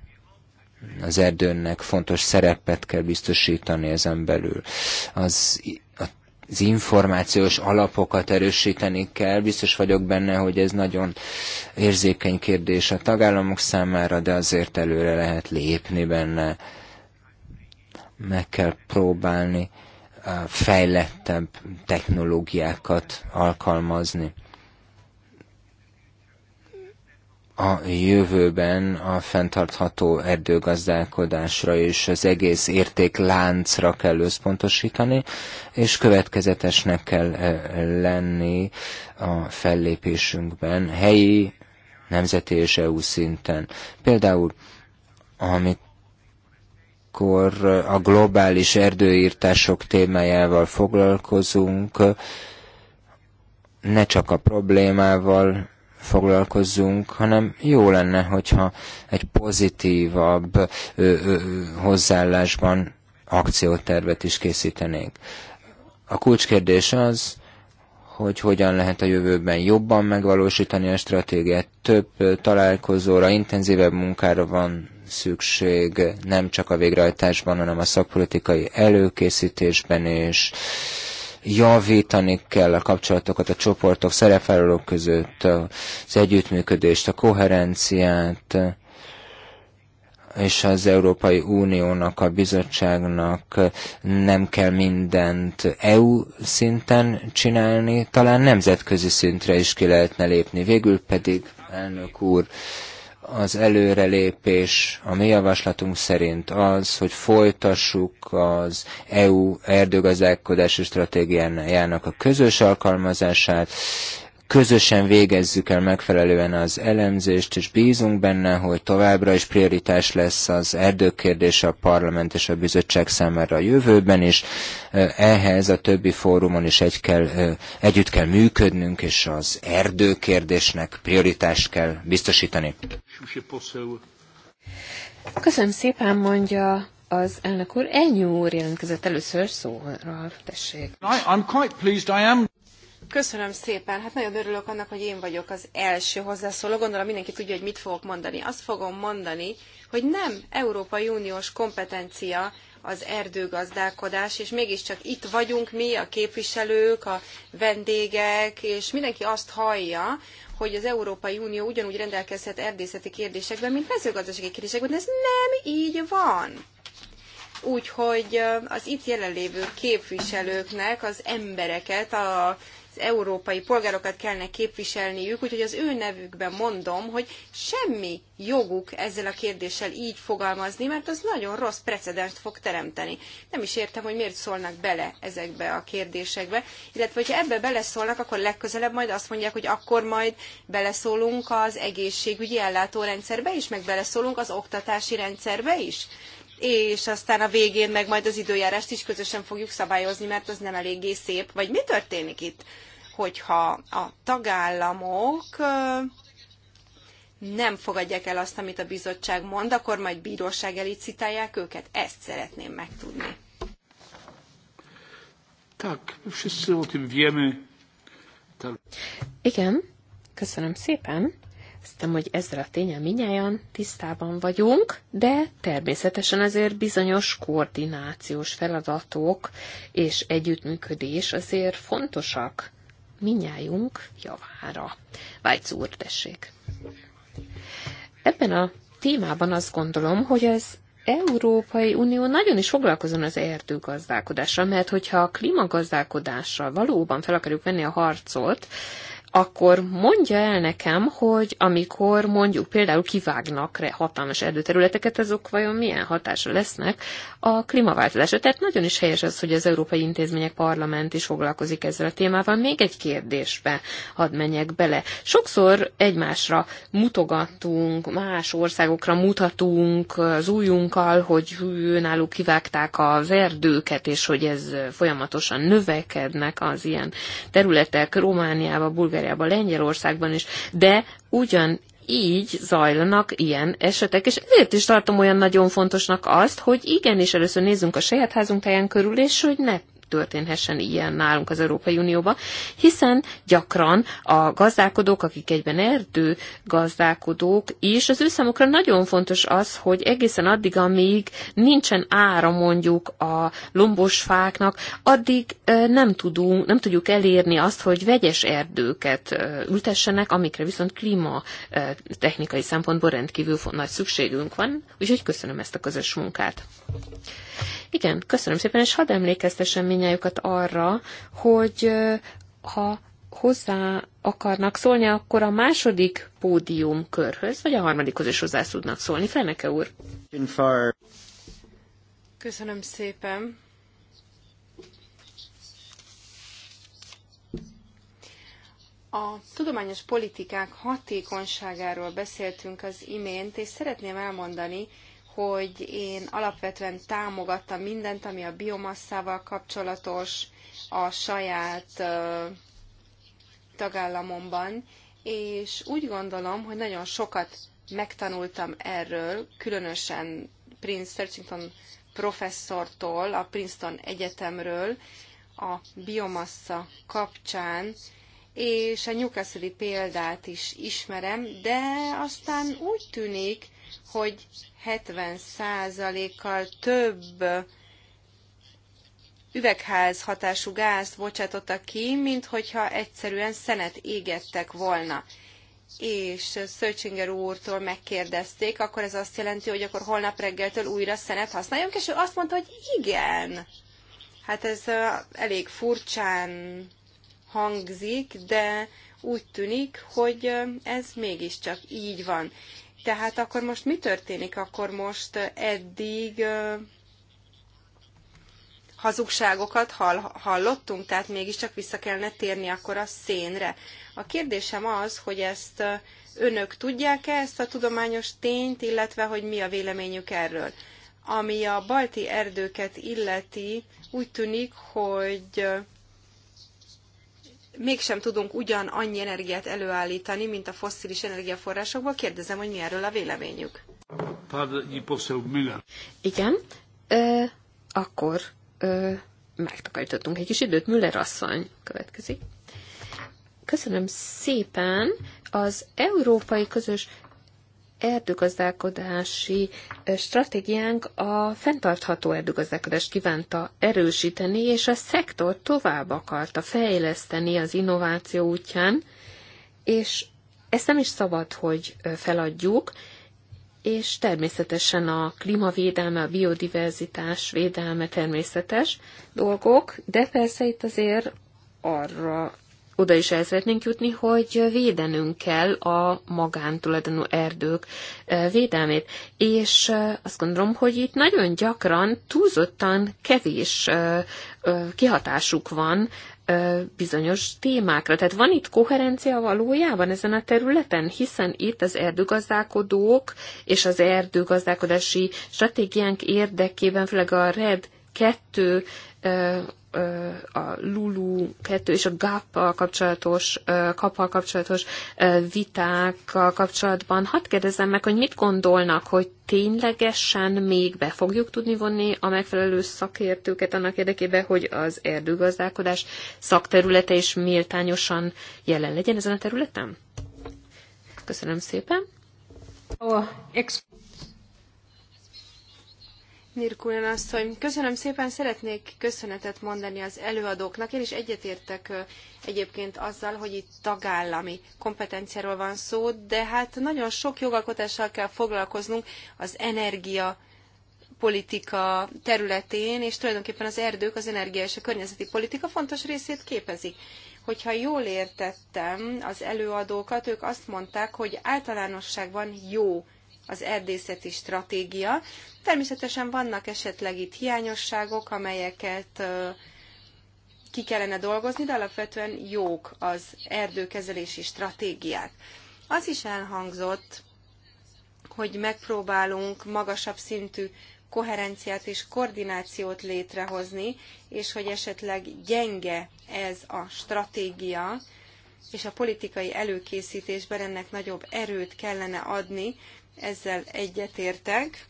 Speaker 3: az erdőnek fontos szerepet kell biztosítani ezen belül. Az az információs alapokat erősíteni kell. Biztos vagyok benne, hogy ez nagyon érzékeny kérdés a tagállamok számára, de azért előre lehet lépni benne. Meg kell próbálni fejlettebb technológiákat alkalmazni. a jövőben a fenntartható erdőgazdálkodásra és az egész értékláncra kell összpontosítani, és következetesnek kell e, lenni a fellépésünkben helyi, nemzeti és EU szinten. Például, amit amikor a globális erdőírtások témájával foglalkozunk, ne csak a problémával foglalkozzunk, hanem jó lenne, hogyha egy pozitívabb ö, ö, hozzáállásban akciótervet is készítenénk. A kulcskérdés az, hogy hogyan lehet a jövőben jobban megvalósítani a stratégiát. Több találkozóra, intenzívebb munkára van szükség, nem csak a végrehajtásban, hanem a szakpolitikai előkészítésben és javítani kell a kapcsolatokat a csoportok szerepvállalók között, az együttműködést, a koherenciát, és az Európai Uniónak, a bizottságnak nem kell mindent EU szinten csinálni, talán nemzetközi szintre is ki lehetne lépni. Végül pedig, elnök úr, az előrelépés a mi javaslatunk szerint az, hogy folytassuk az EU erdőgazdálkodási stratégiájának a közös alkalmazását, közösen végezzük el megfelelően az elemzést, és bízunk benne, hogy továbbra is prioritás lesz az erdőkérdés a parlament és a bizottság számára a jövőben is. Ehhez a többi fórumon is egy kell, együtt kell működnünk, és az erdőkérdésnek prioritást kell biztosítani.
Speaker 1: Köszönöm szépen, mondja az elnök úr. Ennyi úr jelentkezett először szóra, tessék. I, I'm quite pleased I am
Speaker 2: Köszönöm szépen. Hát nagyon örülök annak, hogy én vagyok az első hozzászóló. Gondolom mindenki tudja, hogy mit fogok mondani. Azt fogom mondani, hogy nem Európai Uniós kompetencia az erdőgazdálkodás, és mégiscsak itt vagyunk mi, a képviselők, a vendégek, és mindenki azt hallja, hogy az Európai Unió ugyanúgy rendelkezhet erdészeti kérdésekben, mint mezőgazdasági kérdésekben, de ez nem így van. Úgyhogy az itt jelenlévő képviselőknek az embereket, a európai polgárokat kellene képviselniük, úgyhogy az ő nevükben mondom, hogy semmi joguk ezzel a kérdéssel így fogalmazni, mert az nagyon rossz precedenst fog teremteni. Nem is értem, hogy miért szólnak bele ezekbe a kérdésekbe, illetve hogyha ebbe beleszólnak, akkor legközelebb majd azt mondják, hogy akkor majd beleszólunk az egészségügyi ellátórendszerbe is, meg beleszólunk az oktatási rendszerbe is és aztán a végén meg majd az időjárást is közösen fogjuk szabályozni, mert az nem eléggé szép. Vagy mi történik itt, hogyha a tagállamok nem fogadják el azt, amit a bizottság mond, akkor majd bíróság elicitálják őket? Ezt szeretném megtudni.
Speaker 1: Tak, wszyscy o tym wiemy. Igen, köszönöm szépen hiszem, hogy ezzel a tényel minnyáján tisztában vagyunk, de természetesen azért bizonyos koordinációs feladatok és együttműködés azért fontosak minnyájunk javára. Vájc úr, tessék! Ebben a témában azt gondolom, hogy ez Európai Unió nagyon is foglalkozon az erdőgazdálkodással, mert hogyha a klímagazdálkodással valóban fel akarjuk venni a harcot, akkor mondja el nekem, hogy amikor mondjuk például kivágnak re hatalmas erdőterületeket, azok vajon milyen hatása lesznek a klímaváltozásra. Tehát nagyon is helyes az, hogy az Európai Intézmények Parlament is foglalkozik ezzel a témával. Még egy kérdésbe hadd menjek bele. Sokszor egymásra mutogatunk, más országokra mutatunk az újunkkal, hogy náluk kivágták az erdőket, és hogy ez folyamatosan növekednek az ilyen területek Romániába, Bulgáriába, Bulgáriában, Lengyelországban is, de ugyan így zajlanak ilyen esetek, és ezért is tartom olyan nagyon fontosnak azt, hogy igenis először nézzünk a saját házunk helyen körül, és hogy ne történhessen ilyen nálunk az Európai Unióban, hiszen gyakran a gazdálkodók, akik egyben erdő gazdálkodók is, az ő számukra nagyon fontos az, hogy egészen addig, amíg nincsen ára mondjuk a lombos fáknak, addig nem, tudunk, nem tudjuk elérni azt, hogy vegyes erdőket ültessenek, amikre viszont klíma technikai szempontból rendkívül nagy szükségünk van, úgyhogy köszönöm ezt a közös munkát. Igen, köszönöm szépen, és hadd emlékeztesen minnyájukat arra, hogy ha hozzá akarnak szólni, akkor a második pódium körhöz, vagy a harmadikhoz is hozzá tudnak szólni. Feneke úr!
Speaker 2: Köszönöm szépen! A tudományos politikák hatékonyságáról beszéltünk az imént, és szeretném elmondani, hogy én alapvetően támogattam mindent, ami a biomasszával kapcsolatos a saját tagállamomban, és úgy gondolom, hogy nagyon sokat megtanultam erről, különösen Prince Searchington professzortól, a Princeton Egyetemről a biomassa kapcsán, és a newcastle példát is ismerem, de aztán úgy tűnik, hogy 70%-kal több üvegház hatású gázt bocsátottak ki, mint hogyha egyszerűen szenet égettek volna és Szöcsinger úrtól megkérdezték, akkor ez azt jelenti, hogy akkor holnap reggeltől újra szenet használjunk, és ő azt mondta, hogy igen. Hát ez elég furcsán hangzik, de úgy tűnik, hogy ez mégiscsak így van. Tehát akkor most mi történik? Akkor most eddig hazugságokat hall, hallottunk, tehát mégiscsak vissza kellene térni akkor a szénre. A kérdésem az, hogy ezt önök tudják-e ezt a tudományos tényt, illetve hogy mi a véleményük erről. Ami a balti erdőket illeti, úgy tűnik, hogy mégsem tudunk ugyan annyi energiát előállítani, mint a fosszilis energiaforrásokból. Kérdezem, hogy mi erről a véleményük. Igen,
Speaker 1: ö, akkor ö, megtakarítottunk egy kis időt. Müller asszony következik. Köszönöm szépen. Az Európai Közös erdőgazdálkodási stratégiánk a fenntartható erdőgazdálkodást kívánta erősíteni, és a szektor tovább akarta fejleszteni az innováció útján, és ezt nem is szabad, hogy feladjuk, és természetesen a klímavédelme, a biodiverzitás védelme természetes dolgok, de persze itt azért arra oda is el szeretnénk jutni, hogy védenünk kell a magántulajdonú erdők eh, védelmét. És eh, azt gondolom, hogy itt nagyon gyakran túlzottan kevés eh, kihatásuk van bizonyos témákra. Tehát van itt koherencia valójában ezen a területen, hiszen itt az erdőgazdálkodók és az erdőgazdálkodási stratégiánk érdekében, főleg a RED 2 a Lulu 2 és a gap kapcsolatos, kapal kapcsolatos vitákkal kapcsolatban. Hadd kérdezem meg, hogy mit gondolnak, hogy ténylegesen még be fogjuk tudni vonni a megfelelő szakértőket annak érdekében, hogy az erdőgazdálkodás szakterülete is méltányosan jelen legyen ezen a területen? Köszönöm szépen.
Speaker 2: Nirkulen asszony, köszönöm szépen, szeretnék köszönetet mondani az előadóknak. Én is egyetértek egyébként azzal, hogy itt tagállami kompetenciáról van szó, de hát nagyon sok jogalkotással kell foglalkoznunk az energia politika területén, és tulajdonképpen az erdők az energia és a környezeti politika fontos részét képezik. Hogyha jól értettem az előadókat, ők azt mondták, hogy általánosságban jó az erdészeti stratégia. Természetesen vannak esetleg itt hiányosságok, amelyeket ki kellene dolgozni, de alapvetően jók az erdőkezelési stratégiák. Az is elhangzott, hogy megpróbálunk magasabb szintű koherenciát és koordinációt létrehozni, és hogy esetleg gyenge ez a stratégia, és a politikai előkészítésben ennek nagyobb erőt kellene adni, ezzel egyetértek.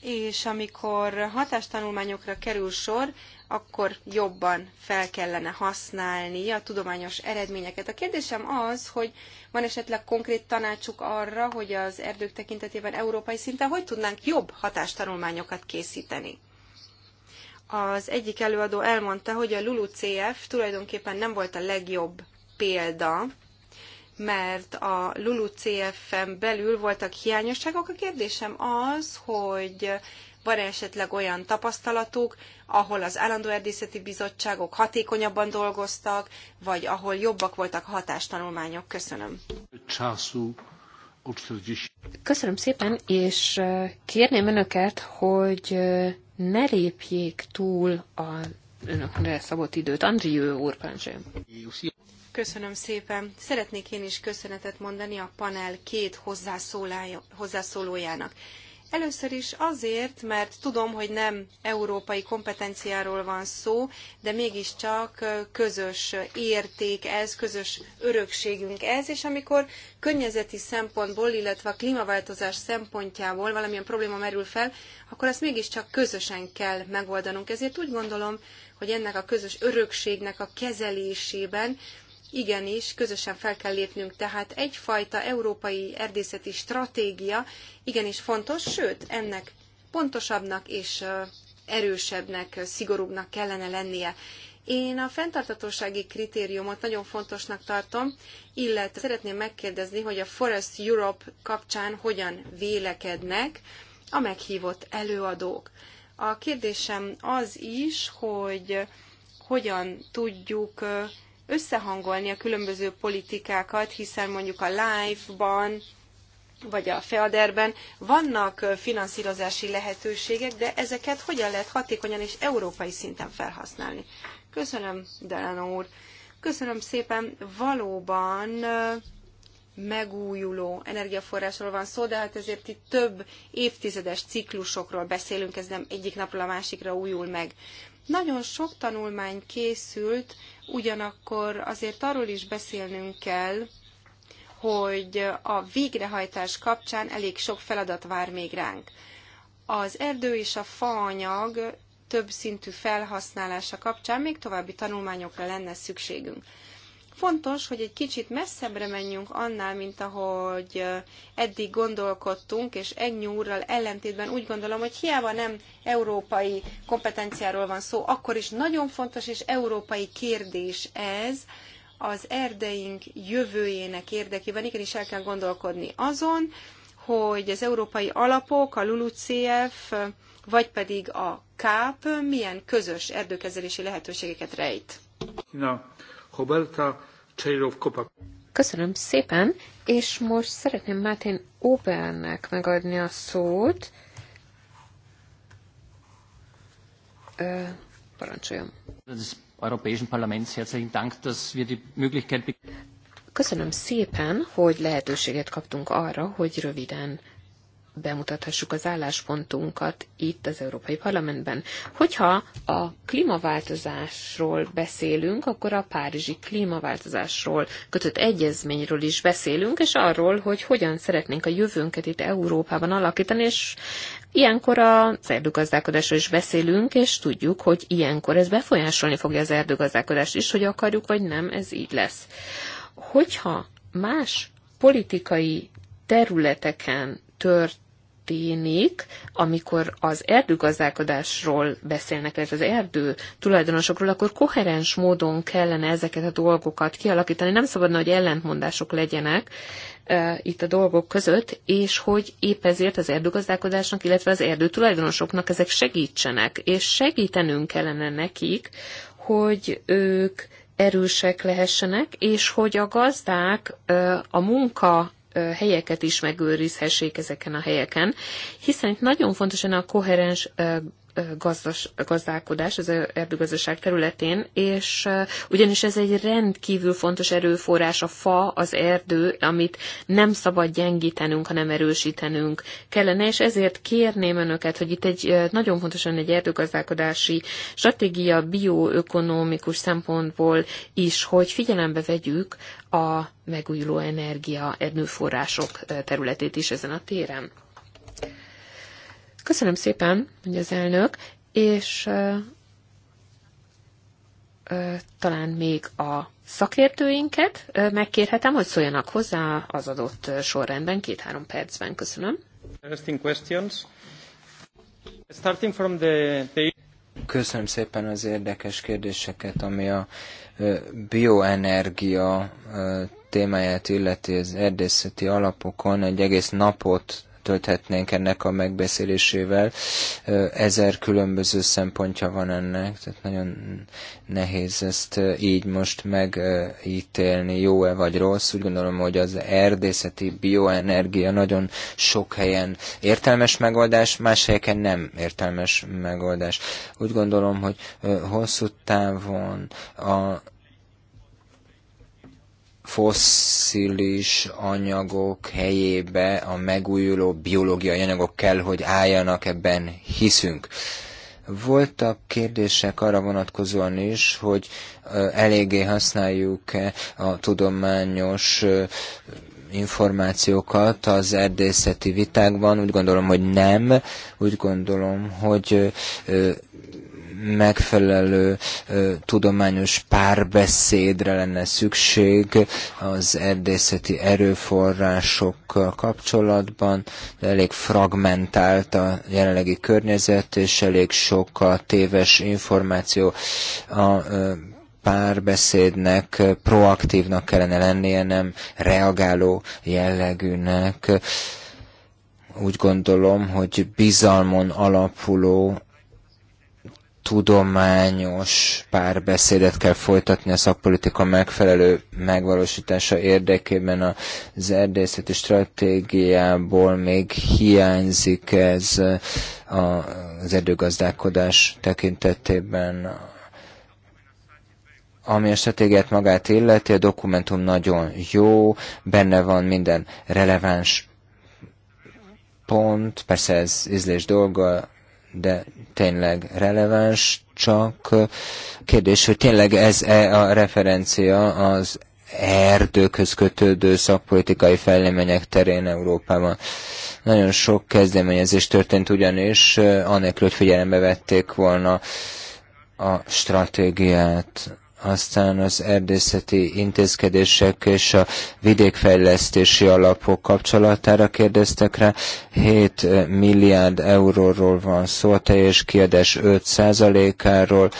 Speaker 2: És amikor hatástanulmányokra kerül sor, akkor jobban fel kellene használni a tudományos eredményeket. A kérdésem az, hogy van esetleg konkrét tanácsuk arra, hogy az erdők tekintetében európai szinten hogy tudnánk jobb hatástanulmányokat készíteni? Az egyik előadó elmondta, hogy a LULUCF tulajdonképpen nem volt a legjobb példa mert a Lulu CFM belül voltak hiányosságok. A kérdésem az, hogy van -e esetleg olyan tapasztalatuk, ahol az állandó erdészeti bizottságok hatékonyabban dolgoztak, vagy ahol jobbak voltak a hatástanulmányok? Köszönöm.
Speaker 1: Köszönöm szépen, és kérném önöket, hogy ne lépjék túl a önökre szabott időt. Andrió úr, parancsoljon.
Speaker 2: Köszönöm szépen. Szeretnék én is köszönetet mondani a panel két hozzászólójának. Először is azért, mert tudom, hogy nem európai kompetenciáról van szó, de mégiscsak közös érték ez, közös örökségünk ez, és amikor környezeti szempontból, illetve a klímaváltozás szempontjából valamilyen probléma merül fel, akkor azt mégiscsak közösen kell megoldanunk. Ezért úgy gondolom, hogy ennek a közös örökségnek a kezelésében igenis közösen fel kell lépnünk, tehát egyfajta európai erdészeti stratégia igenis fontos, sőt, ennek pontosabbnak és erősebbnek, szigorúbbnak kellene lennie. Én a fenntartatósági kritériumot nagyon fontosnak tartom, illetve szeretném megkérdezni, hogy a Forest Europe kapcsán hogyan vélekednek a meghívott előadók. A kérdésem az is, hogy hogyan tudjuk összehangolni a különböző politikákat, hiszen mondjuk a life ban vagy a FEADER-ben vannak finanszírozási lehetőségek, de ezeket hogyan lehet hatékonyan és európai szinten felhasználni. Köszönöm, Delano úr. Köszönöm szépen. Valóban megújuló energiaforrásról van szó, de hát ezért itt több évtizedes ciklusokról beszélünk, ez nem egyik napról a másikra újul meg. Nagyon sok tanulmány készült ugyanakkor azért arról is beszélnünk kell, hogy a végrehajtás kapcsán elég sok feladat vár még ránk. Az erdő és a faanyag több szintű felhasználása kapcsán még további tanulmányokra lenne szükségünk. Fontos, hogy egy kicsit messzebbre menjünk annál, mint ahogy eddig gondolkodtunk, és Egnyú úrral ellentétben úgy gondolom, hogy hiába nem európai kompetenciáról van szó, akkor is nagyon fontos és európai kérdés ez, az erdeink jövőjének érdekében igenis el kell gondolkodni azon, hogy az európai alapok, a LULUCF, vagy pedig a KÁP milyen közös erdőkezelési lehetőségeket rejt.
Speaker 1: Na, Roberta Köszönöm szépen, és most szeretném Mátén Obernek megadni a szót. Ö, Az Európai Parlament Köszönöm szépen, hogy lehetőséget kaptunk arra, hogy röviden bemutathassuk az álláspontunkat itt az Európai Parlamentben. Hogyha a klímaváltozásról beszélünk, akkor a Párizsi klímaváltozásról kötött egyezményről is beszélünk, és arról, hogy hogyan szeretnénk a jövőnket itt Európában alakítani, és Ilyenkor az erdőgazdálkodásról is beszélünk, és tudjuk, hogy ilyenkor ez befolyásolni fogja az erdőgazdálkodást is, hogy akarjuk vagy nem, ez így lesz. Hogyha más politikai területeken történik, amikor az erdőgazdálkodásról beszélnek, illetve az erdő tulajdonosokról, akkor koherens módon kellene ezeket a dolgokat kialakítani. Nem szabadna, hogy ellentmondások legyenek, itt a dolgok között, és hogy épp ezért az erdőgazdálkodásnak, illetve az erdő tulajdonosoknak ezek segítsenek, és segítenünk kellene nekik, hogy ők erősek lehessenek, és hogy a gazdák a munka helyeket is megőrizhessék ezeken a helyeken, hiszen nagyon fontos a koherens gazdas, gazdálkodás az erdőgazdaság területén, és ugyanis ez egy rendkívül fontos erőforrás, a fa, az erdő, amit nem szabad gyengítenünk, hanem erősítenünk kellene, és ezért kérném önöket, hogy itt egy nagyon fontosan egy erdőgazdálkodási stratégia bioökonomikus szempontból is, hogy figyelembe vegyük a megújuló energia, erőforrások területét is ezen a téren. Köszönöm szépen, mondja az elnök, és uh, uh, talán még a szakértőinket uh, megkérhetem, hogy szóljanak hozzá az adott sorrendben, két-három percben. Köszönöm.
Speaker 3: Köszönöm szépen az érdekes kérdéseket, ami a bioenergia témáját illeti az erdészeti alapokon egy egész napot eltölthetnénk ennek a megbeszélésével. Ezer különböző szempontja van ennek, tehát nagyon nehéz ezt így most megítélni, jó-e vagy rossz. Úgy gondolom, hogy az erdészeti bioenergia nagyon sok helyen értelmes megoldás, más helyeken nem értelmes megoldás. Úgy gondolom, hogy hosszú távon a foszilis anyagok helyébe a megújuló biológiai anyagok kell, hogy álljanak, ebben hiszünk. Voltak kérdések arra vonatkozóan is, hogy eléggé használjuk-e a tudományos információkat az erdészeti vitákban. Úgy gondolom, hogy nem. Úgy gondolom, hogy megfelelő tudományos párbeszédre lenne szükség az erdészeti erőforrásokkal kapcsolatban. Elég fragmentált a jelenlegi környezet, és elég sok a téves információ. A párbeszédnek proaktívnak kellene lennie, nem reagáló jellegűnek. Úgy gondolom, hogy bizalmon alapuló tudományos párbeszédet kell folytatni a szakpolitika megfelelő megvalósítása érdekében az erdészeti stratégiából még hiányzik ez az erdőgazdálkodás tekintetében. Ami a stratégiát magát illeti, a dokumentum nagyon jó, benne van minden releváns pont, persze ez ízlés dolga, de tényleg releváns, csak kérdés, hogy tényleg ez-e a referencia az erdőköz kötődő szakpolitikai fejlemények terén Európában. Nagyon sok kezdeményezés történt ugyanis, eh, anélkül, hogy figyelembe vették volna a stratégiát aztán az erdészeti intézkedések és a vidékfejlesztési alapok kapcsolatára kérdeztek rá. 7 eh, milliárd euróról van szó, a teljes kiadás 5 százalékáról.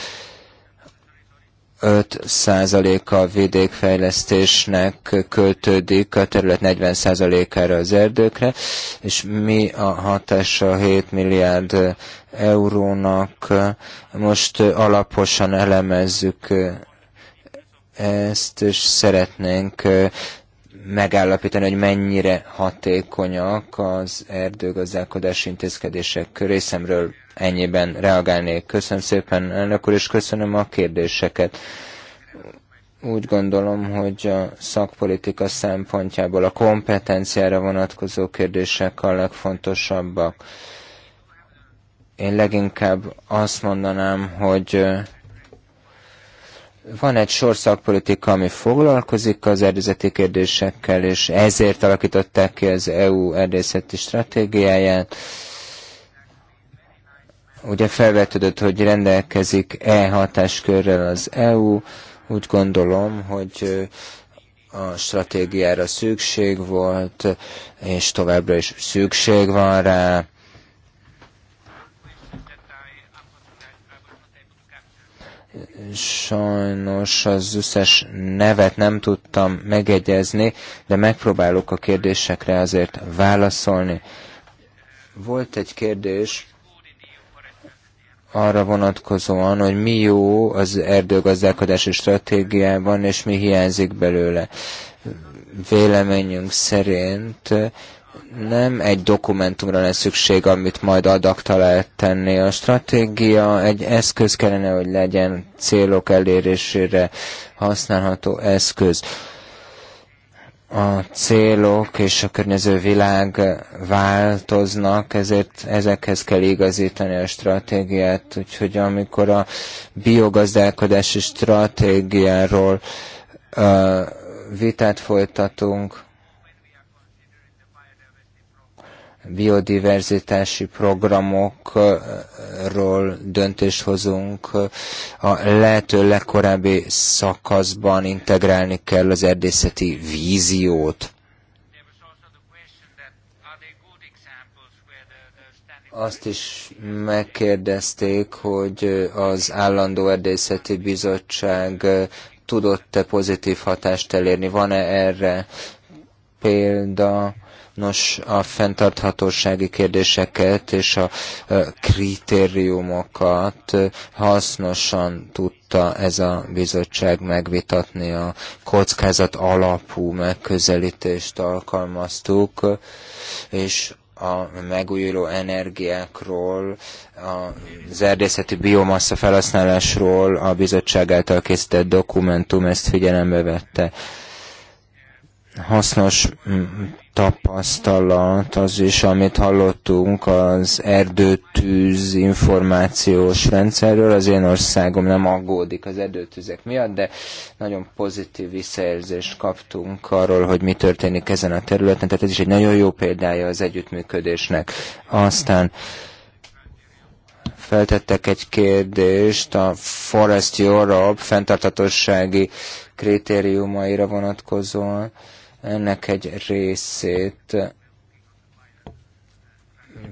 Speaker 3: 5%-a a vidékfejlesztésnek költődik, a terület 40 százalékára az erdőkre, és mi a hatása 7 milliárd eh, eurónak? Most eh, alaposan elemezzük ezt, és szeretnénk megállapítani, hogy mennyire hatékonyak az erdőgazdálkodási intézkedések részemről ennyiben reagálnék. Köszönöm szépen, elnök úr, és köszönöm a kérdéseket. Úgy gondolom, hogy a szakpolitika szempontjából a kompetenciára vonatkozó kérdések a legfontosabbak. Én leginkább azt mondanám, hogy van egy sor szakpolitika, ami foglalkozik az erdészeti kérdésekkel, és ezért alakították ki az EU erdészeti stratégiáját. Ugye felvetődött, hogy rendelkezik-e hatáskörrel az EU. Úgy gondolom, hogy a stratégiára szükség volt, és továbbra is szükség van rá sajnos az összes nevet nem tudtam megegyezni, de megpróbálok a kérdésekre azért válaszolni. Volt egy kérdés arra vonatkozóan, hogy mi jó az erdőgazdálkodási stratégiában, és mi hiányzik belőle. Véleményünk szerint nem egy dokumentumra lesz szükség, amit majd adakta lehet tenni. A stratégia egy eszköz kellene, hogy legyen célok elérésére használható eszköz. A célok és a környező világ változnak, ezért ezekhez kell igazítani a stratégiát. Úgyhogy amikor a biogazdálkodási stratégiáról uh, vitát folytatunk, biodiverzitási programokról döntést hozunk, a lehető legkorábbi szakaszban integrálni kell az erdészeti víziót. Azt is megkérdezték, hogy az állandó erdészeti bizottság tudott-e pozitív hatást elérni, van-e erre példa, Nos, a fenntarthatósági kérdéseket és a kritériumokat hasznosan tudta ez a bizottság megvitatni. A kockázat alapú megközelítést alkalmaztuk, és a megújuló energiákról, az erdészeti biomassa felhasználásról a bizottság által készített dokumentum ezt figyelembe vette hasznos mm, tapasztalat az is, amit hallottunk az erdőtűz információs rendszerről. Az én országom nem aggódik az erdőtűzek miatt, de nagyon pozitív visszajelzést kaptunk arról, hogy mi történik ezen a területen. Tehát ez is egy nagyon jó példája az együttműködésnek. Aztán feltettek egy kérdést a Forest Europe fenntartatossági kritériumaira vonatkozóan. Ennek egy részét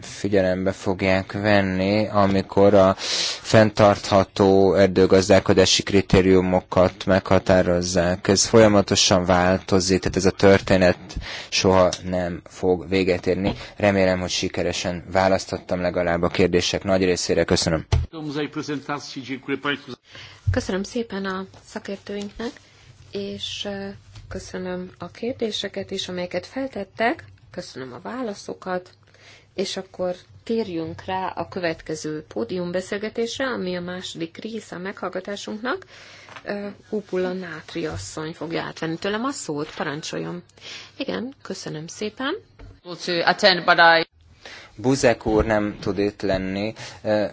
Speaker 3: figyelembe fogják venni, amikor a fenntartható erdőgazdálkodási kritériumokat meghatározzák. Ez folyamatosan változik, tehát ez a történet soha nem fog véget érni. Remélem, hogy sikeresen választottam legalább a kérdések nagy részére. Köszönöm.
Speaker 1: Köszönöm szépen a szakértőinknek, és köszönöm a kérdéseket is, amelyeket feltettek, köszönöm a válaszokat, és akkor térjünk rá a következő pódiumbeszélgetésre, ami a második része a meghallgatásunknak. Kupula Nátri asszony fogja átvenni tőlem a szót, parancsoljon. Igen, köszönöm szépen.
Speaker 3: Buzek úr nem tud itt lenni,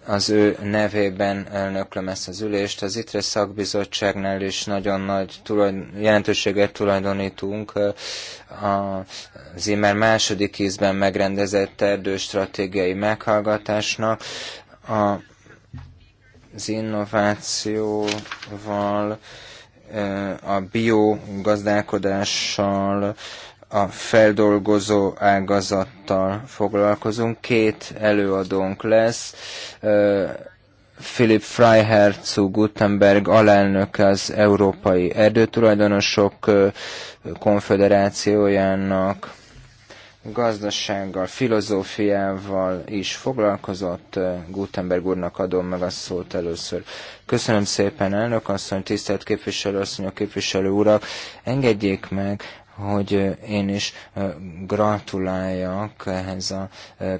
Speaker 3: az ő nevében elnöklöm ezt az ülést. Az ITRE szakbizottságnál is nagyon nagy tulajdon, jelentőséget tulajdonítunk az immár második ízben megrendezett erdőstratégiai meghallgatásnak. A, az innovációval, a biogazdálkodással, a feldolgozó ágazattal foglalkozunk. Két előadónk lesz. Philip Freiherzu Gutenberg alelnöke az Európai Erdőtulajdonosok Konfederációjának gazdasággal, filozófiával is foglalkozott. Gutenberg úrnak adom meg a szót először. Köszönöm szépen, elnök asszony, tisztelt képviselő asszonyok, képviselő urak. Engedjék meg, hogy én is gratuláljak ehhez a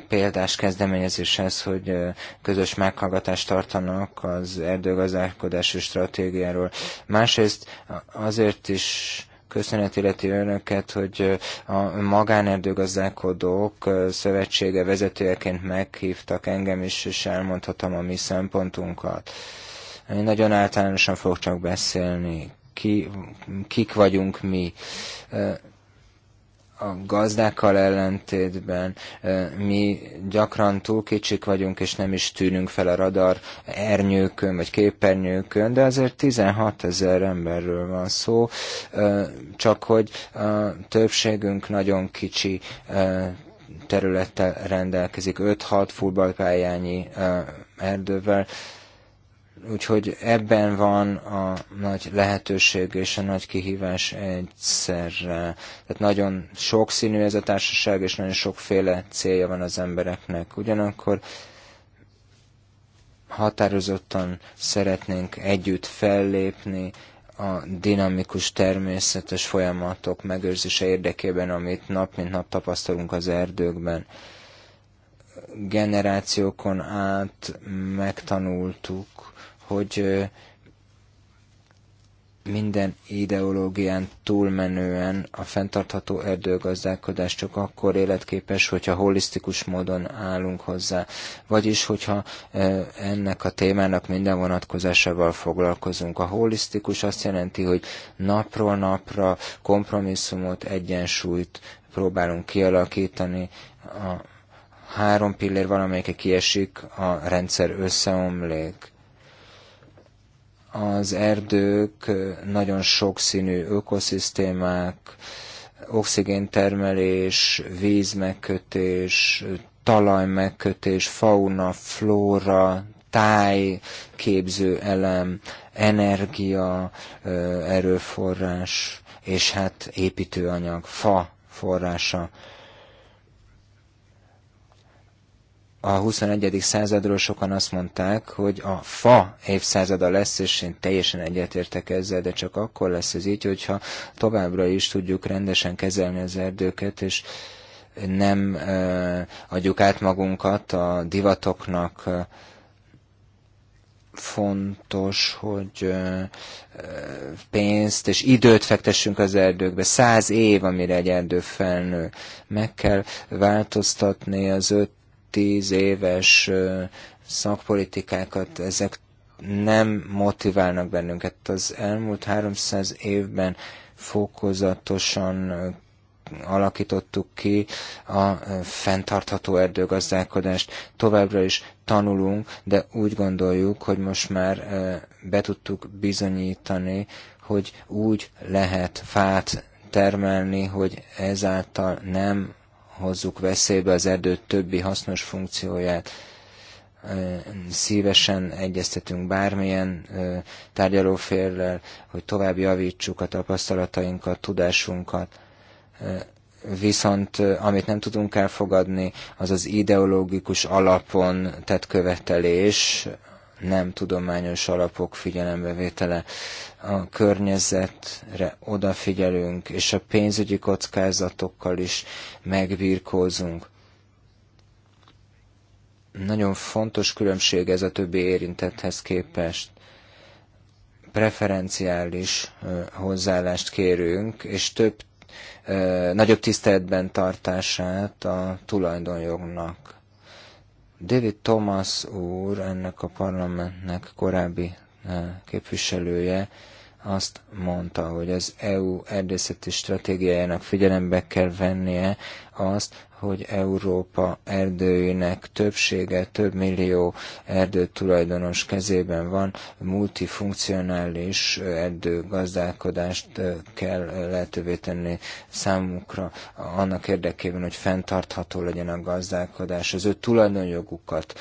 Speaker 3: példás kezdeményezéshez, hogy közös meghallgatást tartanak az erdőgazdálkodási stratégiáról. Másrészt azért is köszönet illeti önöket, hogy a magánerdőgazdálkodók szövetsége vezetőjeként meghívtak engem is, és elmondhatom a mi szempontunkat. Én nagyon általánosan fogok csak beszélni ki, kik vagyunk mi a gazdákkal ellentétben mi gyakran túl kicsik vagyunk, és nem is tűnünk fel a radar ernyőkön vagy képernyőkön, de azért 16 ezer emberről van szó, csak hogy a többségünk nagyon kicsi területtel rendelkezik, 5-6 futballpályányi erdővel, Úgyhogy ebben van a nagy lehetőség és a nagy kihívás egyszerre. Tehát nagyon sokszínű ez a társaság, és nagyon sokféle célja van az embereknek. Ugyanakkor határozottan szeretnénk együtt fellépni a dinamikus természetes folyamatok megőrzése érdekében, amit nap mint nap tapasztalunk az erdőkben. Generációkon át megtanultuk hogy minden ideológián túlmenően a fenntartható erdőgazdálkodás csak akkor életképes, hogyha holisztikus módon állunk hozzá. Vagyis, hogyha ennek a témának minden vonatkozásával foglalkozunk. A holisztikus azt jelenti, hogy napról napra kompromisszumot, egyensúlyt próbálunk kialakítani a három pillér valamelyike kiesik, a rendszer összeomlik az erdők nagyon sokszínű ökoszisztémák, oxigéntermelés, vízmegkötés, talajmegkötés, fauna, flóra, táj, képző elem, energia, erőforrás, és hát építőanyag, fa forrása. a 21. századról sokan azt mondták, hogy a fa évszázada lesz, és én teljesen egyetértek ezzel, de csak akkor lesz ez így, hogyha továbbra is tudjuk rendesen kezelni az erdőket, és nem adjuk át magunkat a divatoknak, fontos, hogy pénzt és időt fektessünk az erdőkbe. Száz év, amire egy erdő felnő. Meg kell változtatni az öt tíz éves szakpolitikákat, ezek nem motiválnak bennünket. Az elmúlt 300 évben fokozatosan alakítottuk ki a fenntartható erdőgazdálkodást. Továbbra is tanulunk, de úgy gondoljuk, hogy most már be tudtuk bizonyítani, hogy úgy lehet fát termelni, hogy ezáltal nem hozzuk veszélybe az erdő többi hasznos funkcióját. Szívesen egyeztetünk bármilyen tárgyalóférrel, hogy tovább javítsuk a tapasztalatainkat, tudásunkat viszont amit nem tudunk elfogadni, az az ideológikus alapon tett követelés, nem tudományos alapok figyelembevétele. A környezetre odafigyelünk, és a pénzügyi kockázatokkal is megbírkózunk. Nagyon fontos különbség ez a többi érintetthez képest preferenciális hozzáállást kérünk, és több, nagyobb tiszteletben tartását a tulajdonjognak. David Thomas úr, ennek a parlamentnek korábbi eh, képviselője, azt mondta, hogy az EU erdészeti stratégiájának figyelembe kell vennie azt, hogy Európa erdőinek többsége, több millió erdőtulajdonos kezében van, multifunkcionális erdőgazdálkodást kell lehetővé tenni számukra, annak érdekében, hogy fenntartható legyen a gazdálkodás. Az ő tulajdonjogukat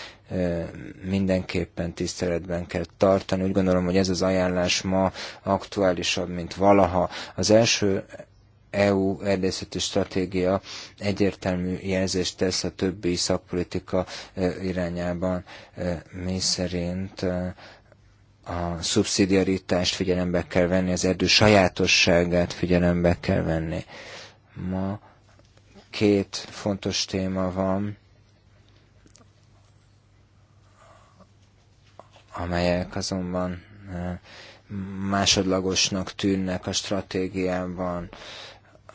Speaker 3: mindenképpen tiszteletben kell tartani. Úgy gondolom, hogy ez az ajánlás ma aktuálisabb, mint valaha. Az első EU erdészeti stratégia egyértelmű jelzést tesz a többi szakpolitika e, irányában, e, mi szerint e, a szubszidiaritást figyelembe kell venni, az erdő sajátosságát figyelembe kell venni. Ma két fontos téma van, amelyek azonban másodlagosnak tűnnek a stratégiában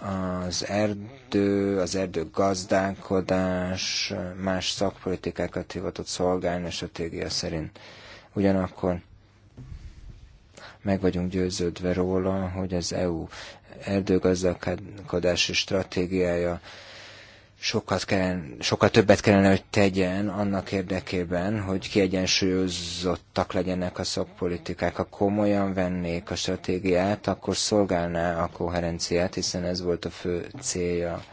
Speaker 3: az erdő, az erdő gazdálkodás, más szakpolitikákat hivatott szolgálni a stratégia szerint. Ugyanakkor meg vagyunk győződve róla, hogy az EU erdőgazdálkodási stratégiája sokat kellene, sokkal többet kellene, hogy tegyen annak érdekében, hogy kiegyensúlyozottak legyenek a szakpolitikák. Ha komolyan vennék a stratégiát, akkor szolgálná a koherenciát, hiszen ez volt a fő célja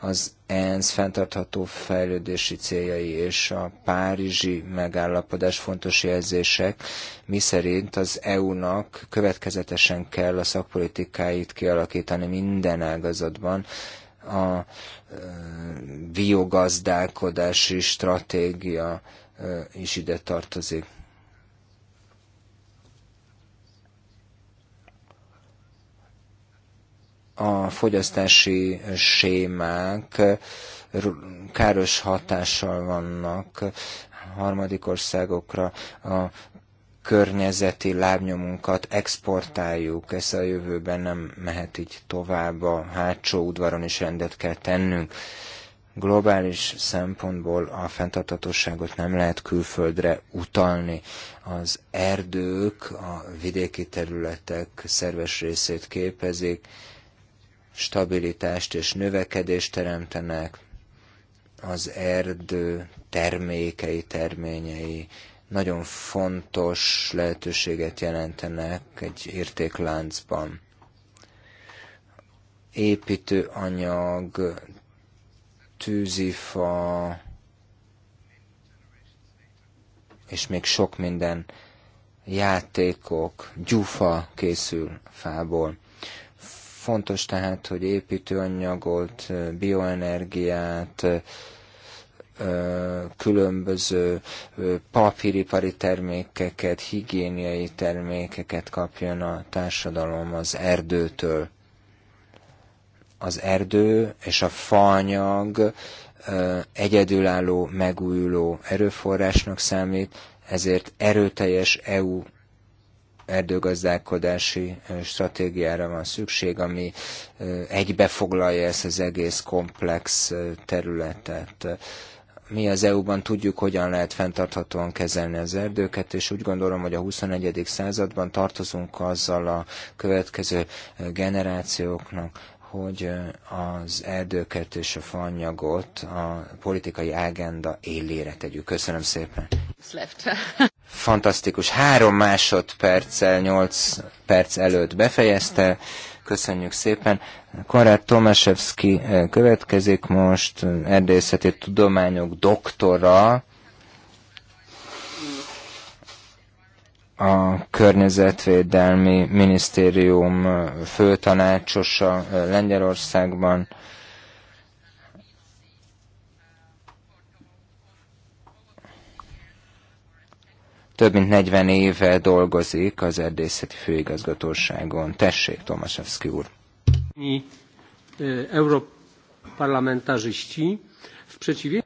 Speaker 3: az ENSZ fenntartható fejlődési céljai és a párizsi megállapodás fontos jelzések, mi szerint az EU-nak következetesen kell a szakpolitikáit kialakítani minden ágazatban, a biogazdálkodási stratégia is ide tartozik. A fogyasztási sémák káros hatással vannak harmadik országokra, a környezeti lábnyomunkat exportáljuk, ez a jövőben nem mehet így tovább, a hátsó udvaron is rendet kell tennünk. Globális szempontból a fenntartatosságot nem lehet külföldre utalni. Az erdők a vidéki területek szerves részét képezik, stabilitást és növekedést teremtenek, az erdő termékei, terményei nagyon fontos lehetőséget jelentenek egy értékláncban. Építőanyag, tűzifa, és még sok minden játékok, gyufa készül fából. Fontos tehát, hogy építőanyagot, bioenergiát, különböző papíripari termékeket, higiéniai termékeket kapjon a társadalom az erdőtől. Az erdő és a faanyag egyedülálló, megújuló erőforrásnak számít, ezért erőteljes EU erdőgazdálkodási stratégiára van szükség, ami egybefoglalja ezt az egész komplex területet mi az EU-ban tudjuk, hogyan lehet fenntarthatóan kezelni az erdőket, és úgy gondolom, hogy a 21. században tartozunk azzal a következő generációknak, hogy az erdőket és a fanyagot a politikai ágenda élére tegyük. Köszönöm szépen. Fantasztikus. Három másodperccel, nyolc perc előtt befejezte. Köszönjük szépen. Konrád Tomaszewski eh, következik most, eh, erdészeti tudományok doktora, a Környezetvédelmi Minisztérium eh, főtanácsosa Lengyelországban. több mint 40 éve dolgozik az erdészeti főigazgatóságon. Tessék, Tomaszewski úr! Mi e, europarlamentarzyści v przeciwie...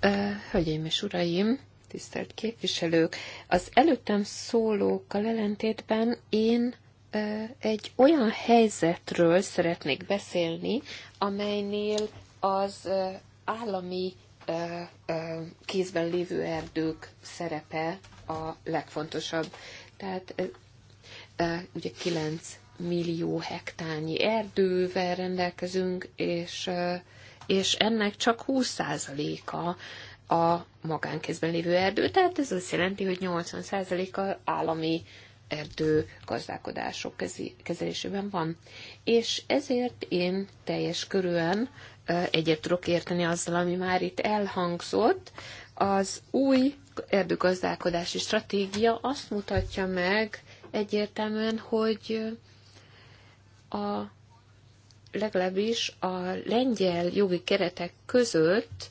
Speaker 1: E, hölgyeim és uraim, tisztelt képviselők! Az előttem szólókkal ellentétben én e, egy olyan helyzetről szeretnék beszélni, amelynél az állami kézben lévő erdők szerepe a legfontosabb. Tehát ugye 9 millió hektárnyi erdővel rendelkezünk, és, és ennek csak 20%-a a magánkézben lévő erdő, tehát ez azt jelenti, hogy 80%-a állami erdő gazdálkodások kezelésében van. És ezért én teljes körülön egyet tudok érteni azzal, ami már itt elhangzott. Az új erdőgazdálkodási stratégia azt mutatja meg egyértelműen, hogy a legalábbis a lengyel jogi keretek között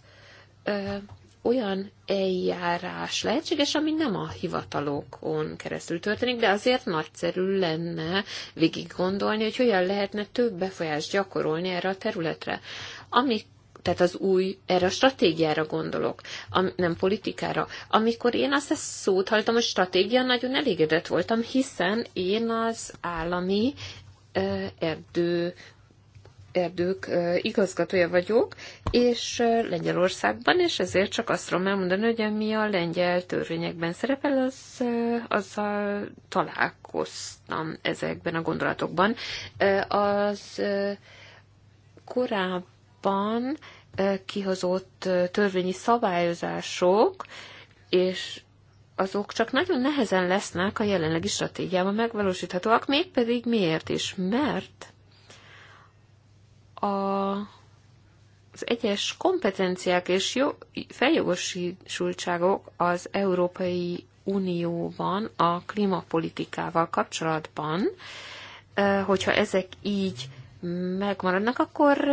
Speaker 1: ö, olyan eljárás lehetséges, ami nem a hivatalokon keresztül történik, de azért nagyszerű lenne végig gondolni, hogy hogyan lehetne több befolyást gyakorolni erre a területre. Ami tehát az új, erre a stratégiára gondolok, am, nem politikára. Amikor én azt a szót hallottam, hogy stratégia, nagyon elégedett voltam, hiszen én az állami ö, erdő erdők igazgatója vagyok, és Lengyelországban, és ezért csak azt tudom elmondani, hogy ami a lengyel törvényekben szerepel, az, azzal találkoztam ezekben a gondolatokban. Az korábban 2006 kihozott törvényi szabályozások, és azok csak nagyon nehezen lesznek a jelenlegi stratégiában megvalósíthatóak, mégpedig miért is? Mert a, az egyes kompetenciák és jó, feljogosultságok az Európai Unióban a klímapolitikával kapcsolatban, hogyha ezek így megmaradnak, akkor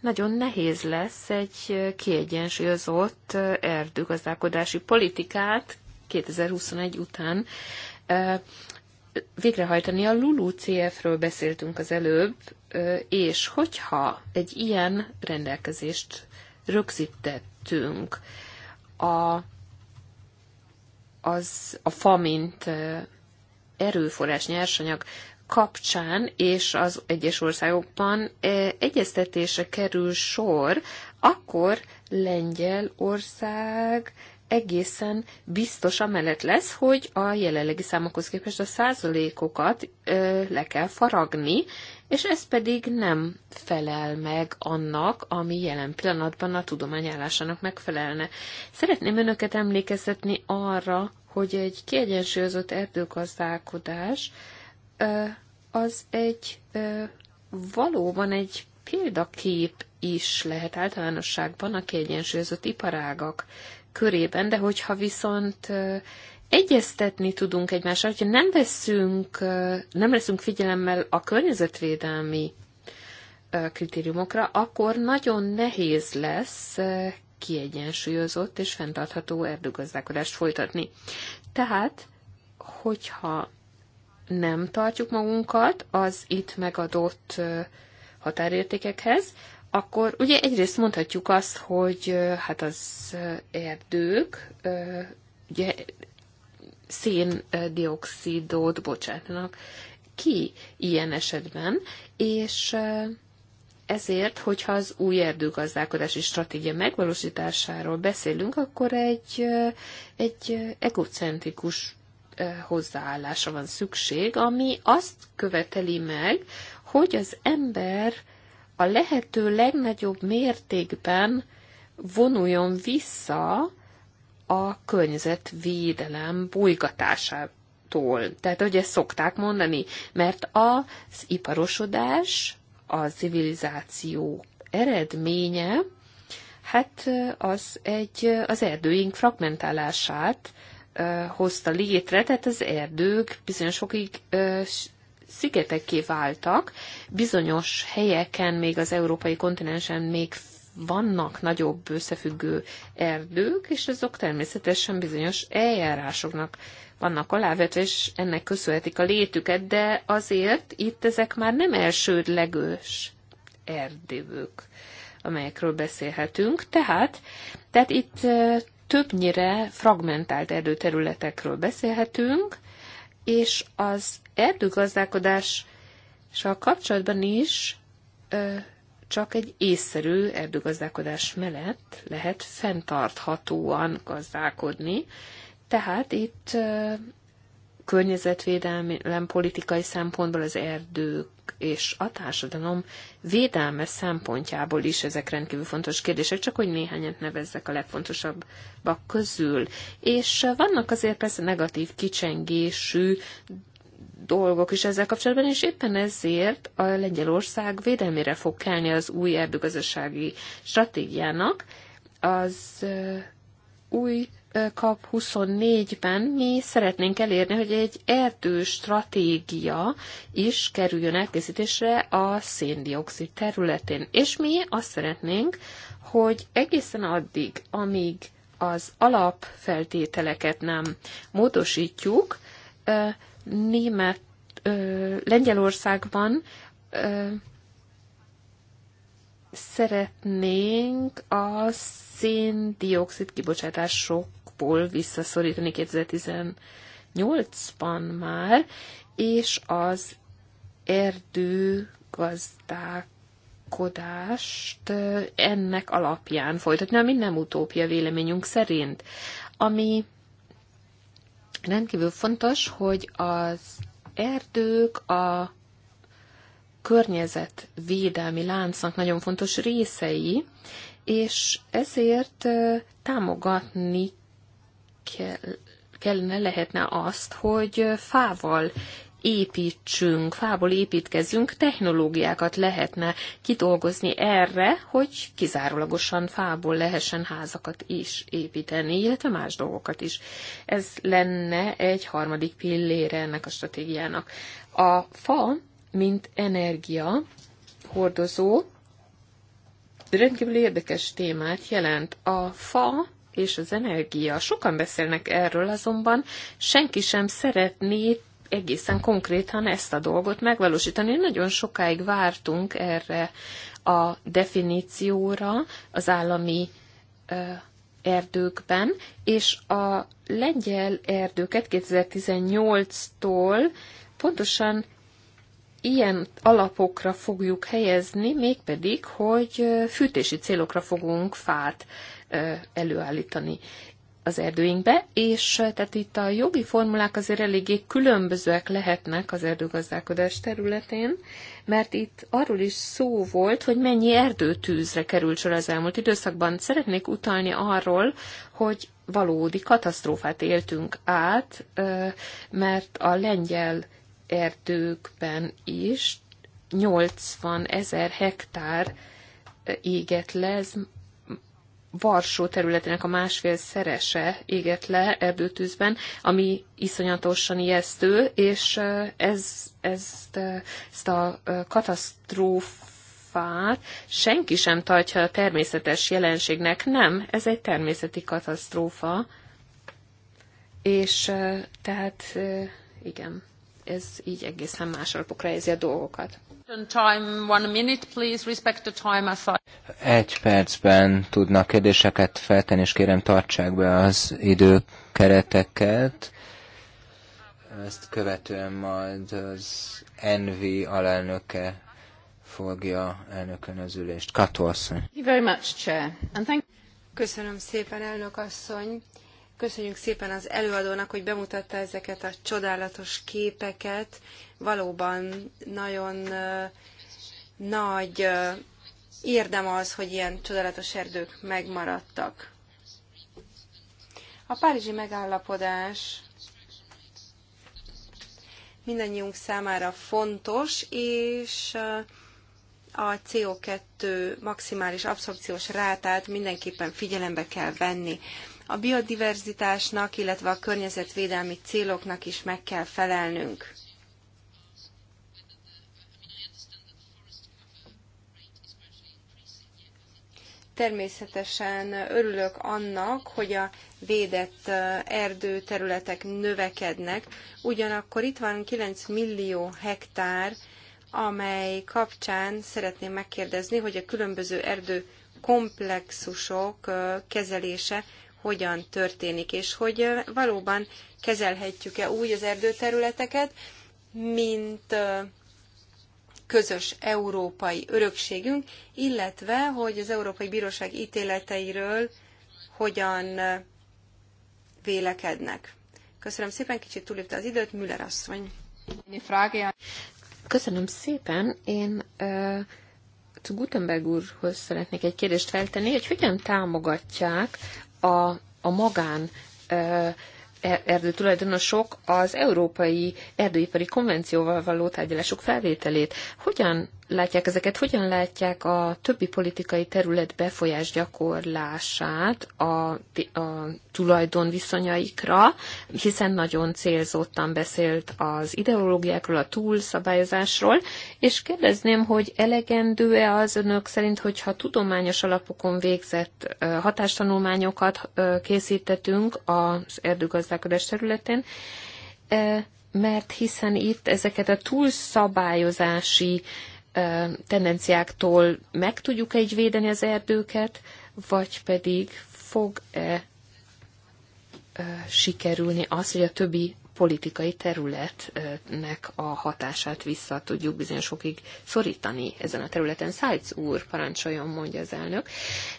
Speaker 1: nagyon nehéz lesz egy kiegyensúlyozott erdőgazdálkodási politikát 2021 után végrehajtani. A Lulu CF-ről beszéltünk az előbb, és hogyha egy ilyen rendelkezést rögzítettünk, a, az a fa, mint erőforrás, nyersanyag kapcsán és az egyes országokban eh, egyeztetése kerül sor, akkor Lengyelország egészen biztos amellett lesz, hogy a jelenlegi számokhoz képest a százalékokat ö, eh, le kell faragni, és ez pedig nem felel meg annak, ami jelen pillanatban a tudományállásának megfelelne. Szeretném önöket emlékeztetni arra, hogy egy kiegyensúlyozott erdőgazdálkodás, ö, az egy valóban egy példakép is lehet általánosságban a kiegyensúlyozott iparágak körében, de hogyha viszont egyeztetni tudunk egymással, hogyha nem veszünk, nem leszünk figyelemmel a környezetvédelmi kritériumokra, akkor nagyon nehéz lesz kiegyensúlyozott és fenntartható erdőgazdálkodást folytatni. Tehát, hogyha nem tartjuk magunkat az itt megadott határértékekhez, akkor ugye egyrészt mondhatjuk azt, hogy hát az erdők ugye széndiokszidot bocsátanak ki ilyen esetben, és ezért, hogyha az új erdőgazdálkodási stratégia megvalósításáról beszélünk, akkor egy, egy egocentrikus hozzáállásra van szükség, ami azt követeli meg, hogy az ember a lehető legnagyobb mértékben vonuljon vissza a környezetvédelem bolygatásától. Tehát, hogy ezt szokták mondani, mert az iparosodás, a civilizáció eredménye, hát az egy az erdőink fragmentálását hozta létre, tehát az erdők bizonyosokig szigetekké váltak, bizonyos helyeken még az európai kontinensen még vannak nagyobb összefüggő erdők, és azok természetesen bizonyos eljárásoknak vannak alávetve, és ennek köszönhetik a létüket, de azért itt ezek már nem elsődlegős erdők, amelyekről beszélhetünk. Tehát, tehát itt többnyire fragmentált erdőterületekről beszélhetünk, és az erdőgazdálkodással kapcsolatban is csak egy észszerű erdőgazdálkodás mellett lehet fenntarthatóan gazdálkodni. Tehát itt környezetvédelem politikai szempontból az erdők és a társadalom védelme szempontjából is ezek rendkívül fontos kérdések, csak hogy néhányat nevezzek a legfontosabbak közül. És vannak azért persze negatív kicsengésű dolgok is ezzel kapcsolatban, és éppen ezért a Lengyelország védelmére fog kelni az új erdőgazdasági stratégiának, az új kap 24-ben mi szeretnénk elérni, hogy egy erdő stratégia is kerüljön elkészítésre a széndiokszid területén. És mi azt szeretnénk, hogy egészen addig, amíg az alapfeltételeket nem módosítjuk, német, Lengyelországban szeretnénk a széndiokszid kibocsátások alapból visszaszorítani 2018-ban már, és az erdőgazdák gondolkodást eh, ennek alapján folytatni, ami nem utópia véleményünk szerint. Ami rendkívül fontos, hogy az erdők a környezetvédelmi láncnak nagyon fontos részei, és ezért eh, támogatni kellene, lehetne azt, hogy fával építsünk, fából építkezünk, technológiákat lehetne kidolgozni erre, hogy kizárólagosan fából lehessen házakat is építeni, illetve más dolgokat is. Ez lenne egy harmadik pillére ennek a stratégiának. A fa, mint energia hordozó, rendkívül érdekes témát jelent. A fa és az energia. Sokan beszélnek erről, azonban senki sem szeretné egészen konkrétan ezt a dolgot megvalósítani. Nagyon sokáig vártunk erre a definícióra az állami erdőkben, és a lengyel erdőket 2018-tól pontosan ilyen alapokra fogjuk helyezni, mégpedig, hogy fűtési célokra fogunk fát előállítani az erdőinkbe, és tehát itt a jogi formulák azért eléggé különbözőek lehetnek az erdőgazdálkodás területén, mert itt arról is szó volt, hogy mennyi erdőtűzre került sor az elmúlt időszakban. Szeretnék utalni arról, hogy valódi katasztrófát éltünk át, mert a lengyel erdőkben is 80 ezer hektár égett le, ez Varsó területének a másfél szerese égett le erdőtűzben, ami iszonyatosan ijesztő, és ez, ezt, ezt a katasztrófa fát senki sem tartja a természetes jelenségnek, nem, ez egy természeti katasztrófa. És tehát igen, ez így egészen más alapokra érzi a dolgokat.
Speaker 3: Egy percben tudnak kérdéseket feltenni, és kérem tartsák be az időkereteket. Ezt követően majd az NV alelnöke fogja elnökön
Speaker 2: az ülést. Katolszony. Köszönöm szépen, elnök asszony. Köszönjük szépen az előadónak, hogy bemutatta ezeket a csodálatos képeket valóban nagyon nagy érdem az, hogy ilyen csodálatos erdők megmaradtak. A párizsi megállapodás mindannyiunk számára fontos, és a CO2 maximális abszorpciós rátát mindenképpen figyelembe kell venni. A biodiverzitásnak, illetve a környezetvédelmi céloknak is meg kell felelnünk. Természetesen örülök annak, hogy a védett erdőterületek növekednek, ugyanakkor itt van 9 millió hektár, amely kapcsán szeretném megkérdezni, hogy a különböző erdő komplexusok kezelése hogyan történik, és hogy valóban kezelhetjük-e úgy az erdőterületeket, mint közös európai örökségünk, illetve hogy az Európai Bíróság ítéleteiről hogyan vélekednek. Köszönöm szépen, kicsit túlépte az időt, Müller asszony.
Speaker 1: Köszönöm szépen, én uh, Gutenberg úrhoz szeretnék egy kérdést feltenni, hogy hogyan támogatják a, a magán uh, erdő tulajdonosok az Európai Erdőipari Konvencióval való tárgyalások felvételét. Hogyan látják ezeket? Hogyan látják a többi politikai terület befolyás gyakorlását a, a tulajdon viszonyaikra, hiszen nagyon célzottan beszélt az ideológiákról, a túlszabályozásról, és kérdezném, hogy elegendő-e az önök szerint, hogyha tudományos alapokon végzett hatástanulmányokat készítetünk az erdőgazdálkodás területén, mert hiszen itt ezeket a túlszabályozási tendenciáktól meg tudjuk egy védeni az erdőket, vagy pedig fog-e sikerülni az, hogy a többi politikai területnek a hatását vissza tudjuk bizonyosokig szorítani ezen a területen. Szájc úr, parancsoljon, mondja az elnök.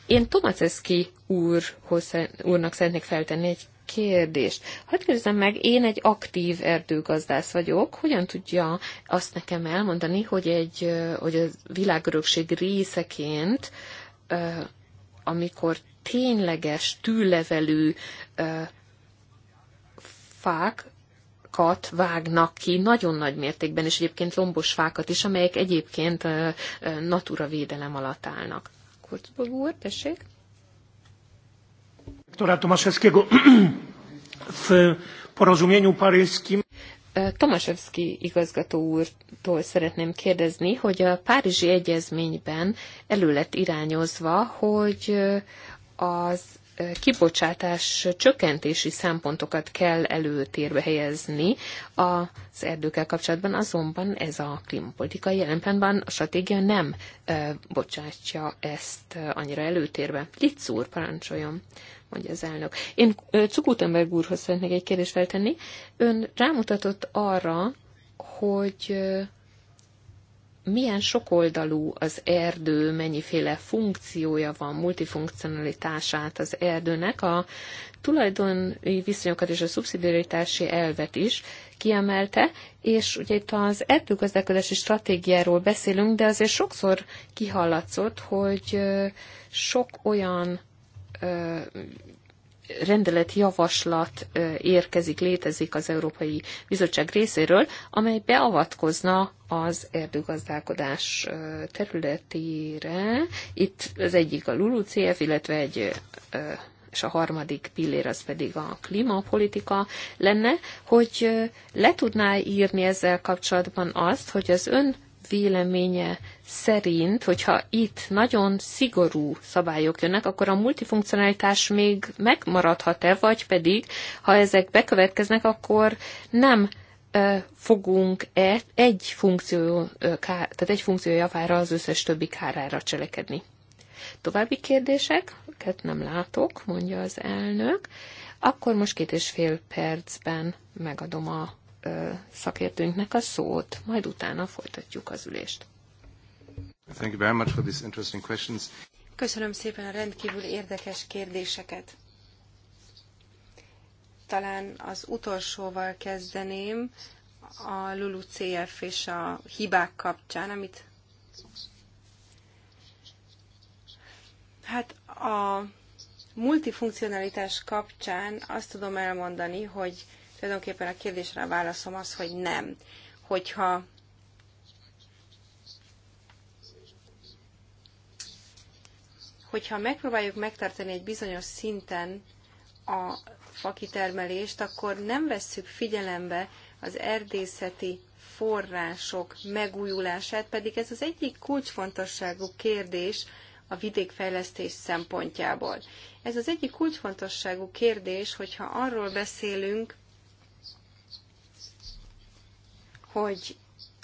Speaker 1: Én Tomaszewski úrhoz, úrnak szeretnék feltenni egy Kérdés. Hadd kérdezem meg, én egy aktív erdőgazdász vagyok, hogyan tudja azt nekem elmondani, hogy, egy, hogy a világörökség részeként, amikor tényleges tűlevelű fák fákat vágnak ki nagyon nagy mértékben, és egyébként lombos fákat is, amelyek egyébként natura védelem alatt állnak. Kurzburg úr, tessék? doktora Tomaszewskiego w porozumieniu paryskim. E, Tomaszewski igazgató úrtól szeretném kérdezni, hogy a Párizsi Egyezményben elő lett irányozva, hogy e, az kibocsátás csökkentési szempontokat kell előtérbe helyezni az erdőkkel kapcsolatban, azonban ez a klímapolitika jelen pillanatban a stratégia nem bocsátja ezt annyira előtérbe. Litz úr, parancsoljon! mondja az elnök. Én Cukutenberg úrhoz szeretnék egy kérdést feltenni. Ön rámutatott arra, hogy milyen sokoldalú az erdő, mennyiféle funkciója van, multifunkcionalitását az erdőnek, a tulajdoni viszonyokat és a szubszidiaritási elvet is kiemelte, és ugye itt az erdőgazdálkodási stratégiáról beszélünk, de azért sokszor kihallatszott, hogy sok olyan rendeletjavaslat érkezik, létezik az Európai Bizottság részéről, amely beavatkozna az erdőgazdálkodás területére. Itt az egyik a LULUCF, illetve egy és a harmadik pillér az pedig a klímapolitika lenne, hogy le tudná írni ezzel kapcsolatban azt, hogy az ön véleménye szerint, hogyha itt nagyon szigorú szabályok jönnek, akkor a multifunkcionalitás még megmaradhat-e, vagy pedig, ha ezek bekövetkeznek, akkor nem fogunk-e egy funkció, tehát egy funkció javára az összes többi kárára cselekedni. További kérdések? kérdéseket nem látok, mondja az elnök. Akkor most két és fél percben megadom a szakértőnknek a szót, majd utána folytatjuk az ülést. Thank you very much for these interesting questions.
Speaker 2: Köszönöm szépen a rendkívül érdekes kérdéseket. Talán az utolsóval kezdeném a LULUCF és a hibák kapcsán, amit Hát a multifunkcionalitás kapcsán azt tudom elmondani, hogy Tulajdonképpen a kérdésre a válaszom az, hogy nem. Hogyha hogyha megpróbáljuk megtartani egy bizonyos szinten a fakitermelést, akkor nem vesszük figyelembe az erdészeti források megújulását, pedig ez az egyik kulcsfontosságú kérdés a vidékfejlesztés szempontjából. Ez az egyik kulcsfontosságú kérdés, hogyha arról beszélünk, hogy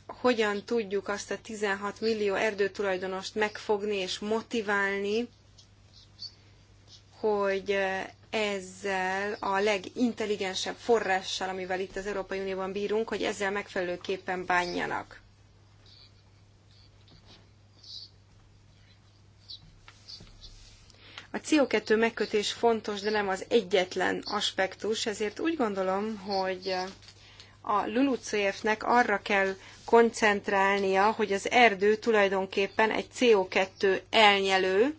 Speaker 2: hogyan tudjuk azt a 16 millió erdőtulajdonost megfogni és motiválni, hogy ezzel a legintelligensebb forrással, amivel itt az Európai Unióban bírunk, hogy ezzel megfelelőképpen bánjanak. A CO2 megkötés fontos, de nem az egyetlen aspektus, ezért úgy gondolom, hogy a LULUCF-nek arra kell koncentrálnia, hogy az erdő tulajdonképpen egy CO2 elnyelő,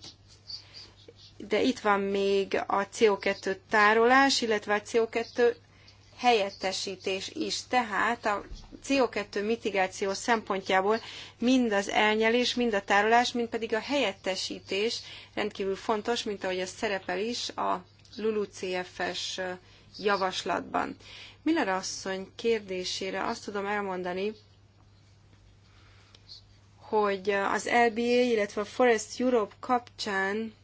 Speaker 2: de itt van még a CO2 tárolás, illetve a CO2 helyettesítés is. Tehát a CO2 mitigáció szempontjából mind az elnyelés, mind a tárolás, mind pedig a helyettesítés rendkívül fontos, mint ahogy ez szerepel is a LULUCF-es javaslatban. Miller asszony kérdésére azt tudom elmondani, hogy az LBA, illetve a Forest Europe kapcsán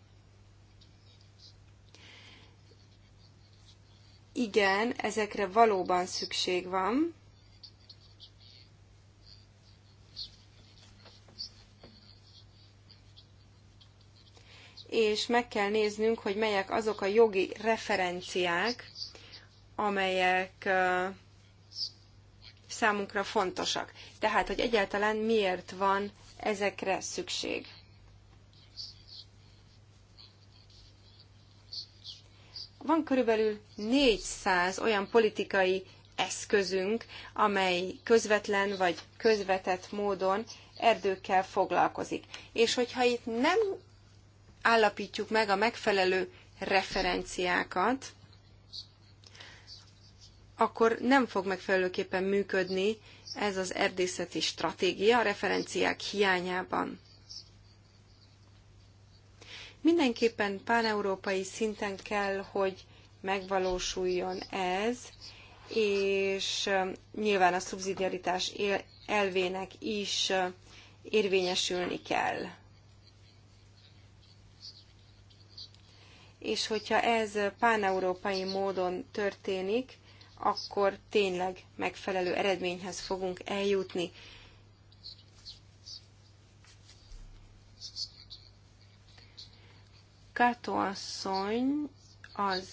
Speaker 2: igen, ezekre valóban szükség van. És meg kell néznünk, hogy melyek azok a jogi referenciák, amelyek számunkra fontosak. Tehát, hogy egyáltalán miért van ezekre szükség. Van körülbelül 400 olyan politikai eszközünk, amely közvetlen vagy közvetett módon erdőkkel foglalkozik. És hogyha itt nem állapítjuk meg a megfelelő referenciákat, akkor nem fog megfelelőképpen működni ez az erdészeti stratégia a referenciák hiányában. Mindenképpen páneurópai szinten kell, hogy megvalósuljon ez, és um, nyilván a szubszidiaritás elvének is um, érvényesülni kell. És hogyha ez páneurópai módon történik, akkor tényleg megfelelő eredményhez fogunk eljutni. Kato asszony az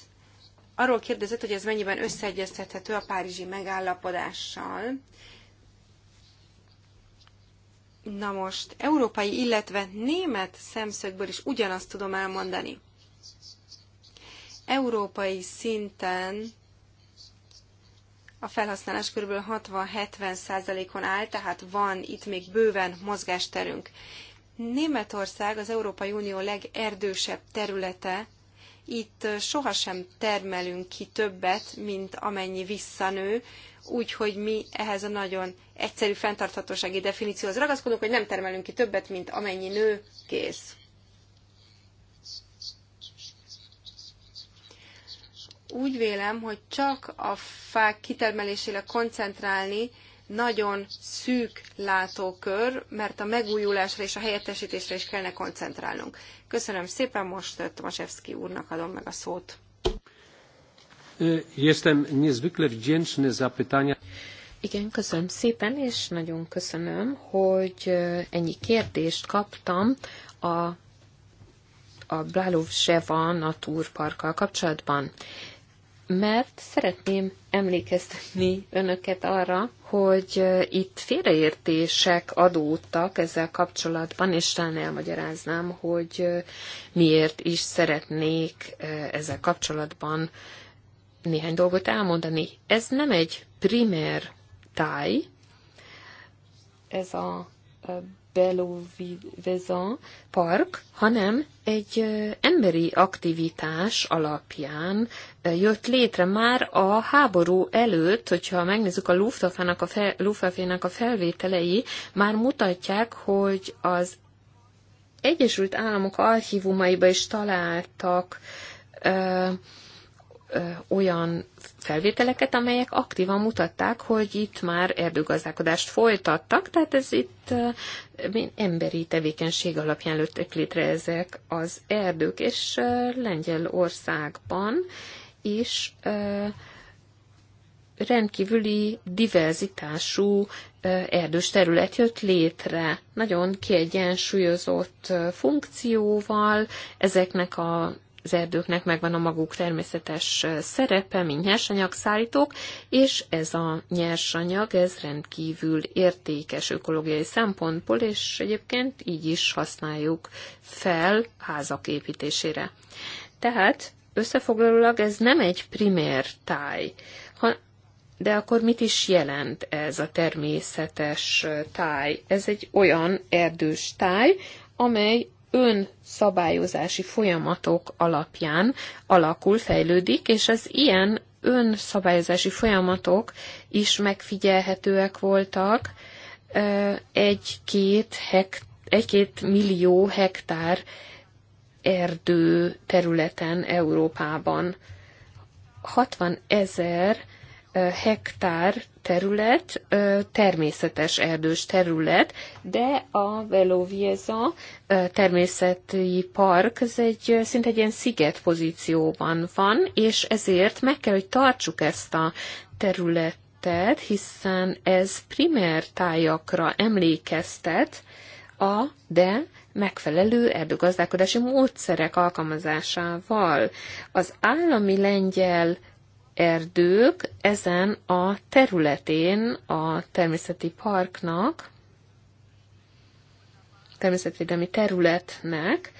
Speaker 2: arról kérdezett, hogy ez mennyiben összeegyeztethető a párizsi megállapodással. Na most, európai, illetve német szemszögből is ugyanazt tudom elmondani. Európai szinten a felhasználás kb. 60-70%-on áll, tehát van itt még bőven mozgásterünk. Németország az Európai Unió legerdősebb területe, itt sohasem termelünk ki többet, mint amennyi visszanő, úgyhogy mi ehhez a nagyon egyszerű fenntarthatósági definícióhoz ragaszkodunk, hogy nem termelünk ki többet, mint amennyi nő kész. úgy vélem, hogy csak a fák kitermelésére koncentrálni nagyon szűk látókör, mert a megújulásra és a helyettesítésre is kellene koncentrálnunk. Köszönöm szépen, most Tomaszewski úrnak adom meg a szót.
Speaker 1: Jestem niezwykle wdzięczny za pytania. Igen, köszönöm szépen, és nagyon köszönöm, hogy ennyi kérdést kaptam a a Blalov Seva Naturparkkal kapcsolatban mert szeretném emlékeztetni önöket arra, hogy itt félreértések adódtak ezzel kapcsolatban, és talán elmagyaráznám, hogy miért is szeretnék ezzel kapcsolatban néhány dolgot elmondani. Ez nem egy primer táj, ez a Belovezan park, hanem egy emberi aktivitás alapján jött létre már a háború előtt, hogyha megnézzük a Luftwaffe-nak a, fel, Luftwaffe a felvételei, már mutatják, hogy az Egyesült Államok archívumaiba is találtak uh, olyan felvételeket, amelyek aktívan mutatták, hogy itt már erdőgazdálkodást folytattak, tehát ez itt emberi tevékenység alapján lőttek létre ezek az erdők, és Lengyelországban is rendkívüli diverzitású erdős terület jött létre, nagyon kiegyensúlyozott funkcióval, ezeknek a az erdőknek megvan a maguk természetes szerepe, mint nyersanyagszállítók, és ez a nyersanyag, ez rendkívül értékes ökológiai szempontból, és egyébként így is használjuk fel házak építésére. Tehát összefoglalólag ez nem egy primér táj, ha, de akkor mit is jelent ez a természetes táj? Ez egy olyan erdős táj, amely önszabályozási folyamatok alapján alakul, fejlődik, és az ilyen önszabályozási folyamatok is megfigyelhetőek voltak egy-két, hekt, egy-két millió hektár erdő területen Európában. 60 ezer hektár terület természetes erdős terület, de a Velovieza természeti park, ez egy szinte egy ilyen sziget pozícióban van, és ezért meg kell, hogy tartsuk ezt a területet, hiszen ez primer tájakra emlékeztet, a, de megfelelő erdőgazdálkodási módszerek alkalmazásával. Az állami lengyel erdők ezen a területén a természeti parknak, természetvédelmi területnek,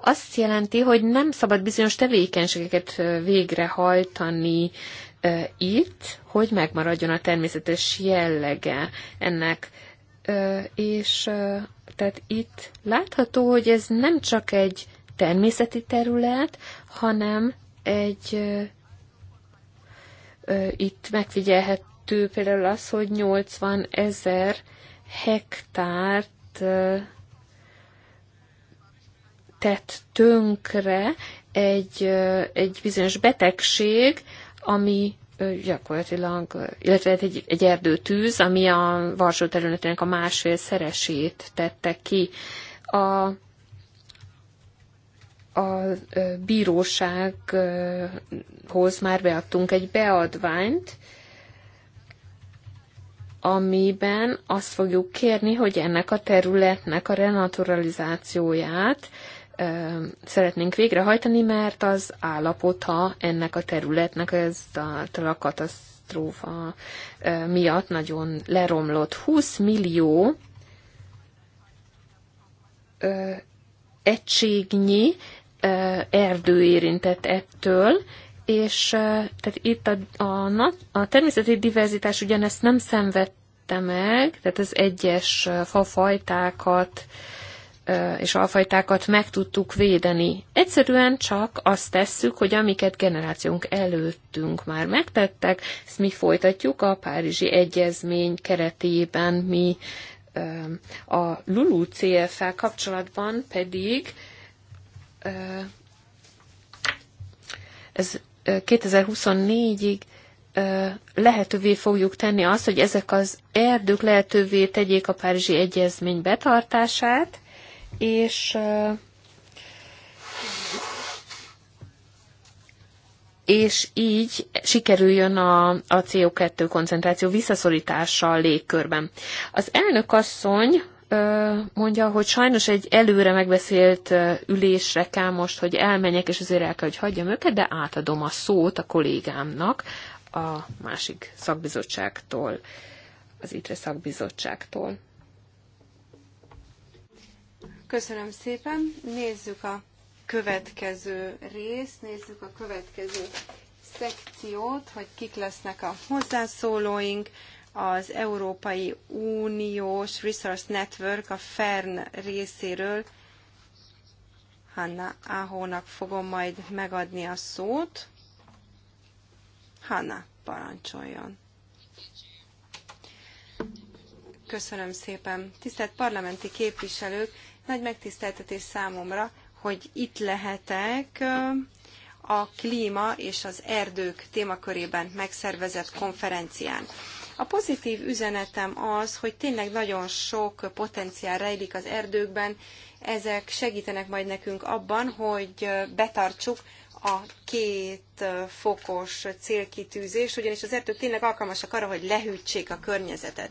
Speaker 1: azt jelenti, hogy nem szabad bizonyos tevékenységeket végrehajtani itt, hogy megmaradjon a természetes jellege ennek. És tehát itt látható, hogy ez nem csak egy természeti terület, hanem egy ö, ö, itt megfigyelhető például az, hogy 80 ezer hektárt ö, tett tönkre egy, ö, egy bizonyos betegség, ami gyakorlatilag, illetve hát egy, egy erdőtűz, ami a Varsó területének a másfél szeresét tette ki. A a bírósághoz már beadtunk egy beadványt, amiben azt fogjuk kérni, hogy ennek a területnek a renaturalizációját szeretnénk végrehajtani, mert az állapota ennek a területnek ez a, a katasztrófa miatt nagyon leromlott. 20 millió egységnyi erdő érintett ettől, és tehát itt a, a, a természeti diverzitás ugyanezt nem szenvedte meg, tehát az egyes fafajtákat és alfajtákat meg tudtuk védeni. Egyszerűen csak azt tesszük, hogy amiket generációnk előttünk már megtettek, ezt mi folytatjuk a Párizsi Egyezmény keretében, mi a LULU CFL kapcsolatban pedig ez 2024-ig lehetővé fogjuk tenni azt, hogy ezek az erdők lehetővé tegyék a Párizsi Egyezmény betartását, és és így sikerüljön a, a CO2 koncentráció visszaszorítása a légkörben. Az elnök asszony mondja, hogy sajnos egy előre megbeszélt ülésre kell most, hogy elmenjek, és azért el kell, hogy hagyjam őket, de átadom a szót a kollégámnak a másik szakbizottságtól, az ITRE szakbizottságtól.
Speaker 2: Köszönöm szépen. Nézzük a következő részt, nézzük a következő szekciót, hogy kik lesznek a hozzászólóink az Európai Uniós Resource Network a FERN részéről. Hanna Ahónak fogom majd megadni a szót. Hanna, parancsoljon. Köszönöm szépen. Tisztelt parlamenti képviselők, nagy megtiszteltetés számomra, hogy itt lehetek a klíma és az erdők témakörében megszervezett konferencián. A pozitív üzenetem az, hogy tényleg nagyon sok potenciál rejlik az erdőkben, ezek segítenek majd nekünk abban, hogy betartsuk a két fokos célkitűzés, ugyanis az erdők tényleg alkalmasak arra, hogy lehűtsék a környezetet.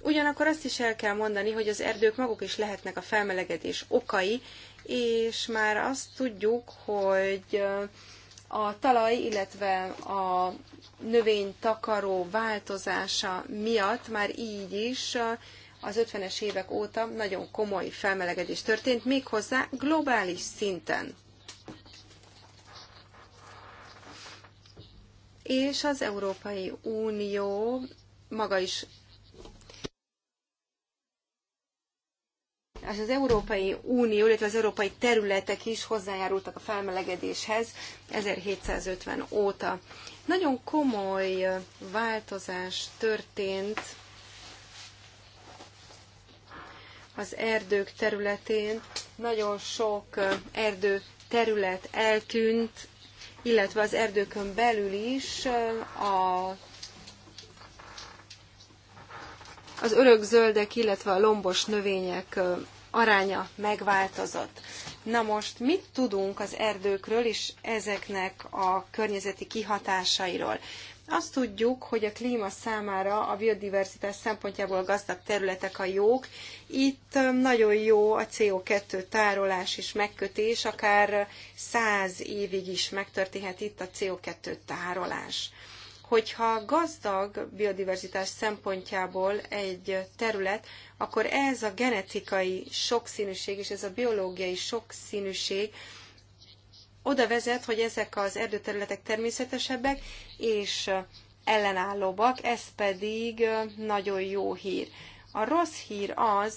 Speaker 2: Ugyanakkor azt is el kell mondani, hogy az erdők maguk is lehetnek a felmelegedés okai, és már azt tudjuk, hogy a talaj, illetve a növény takaró változása miatt már így is az 50-es évek óta nagyon komoly felmelegedés történt, méghozzá globális szinten. És az Európai Unió maga is és az Európai Unió, illetve az európai területek is hozzájárultak a felmelegedéshez 1750 óta. Nagyon komoly változás történt az erdők területén. Nagyon sok erdő terület eltűnt, illetve az erdőkön belül is a az örök zöldek, illetve a lombos növények aránya megváltozott. Na most mit tudunk az erdőkről és ezeknek a környezeti kihatásairól? Azt tudjuk, hogy a klíma számára a biodiverzitás szempontjából gazdag területek a jók. Itt nagyon jó a CO2 tárolás és megkötés, akár száz évig is megtörténhet itt a CO2 tárolás hogyha gazdag biodiverzitás szempontjából egy terület, akkor ez a genetikai sokszínűség és ez a biológiai sokszínűség oda vezet, hogy ezek az erdőterületek természetesebbek és ellenállóbbak, ez pedig nagyon jó hír. A rossz hír az,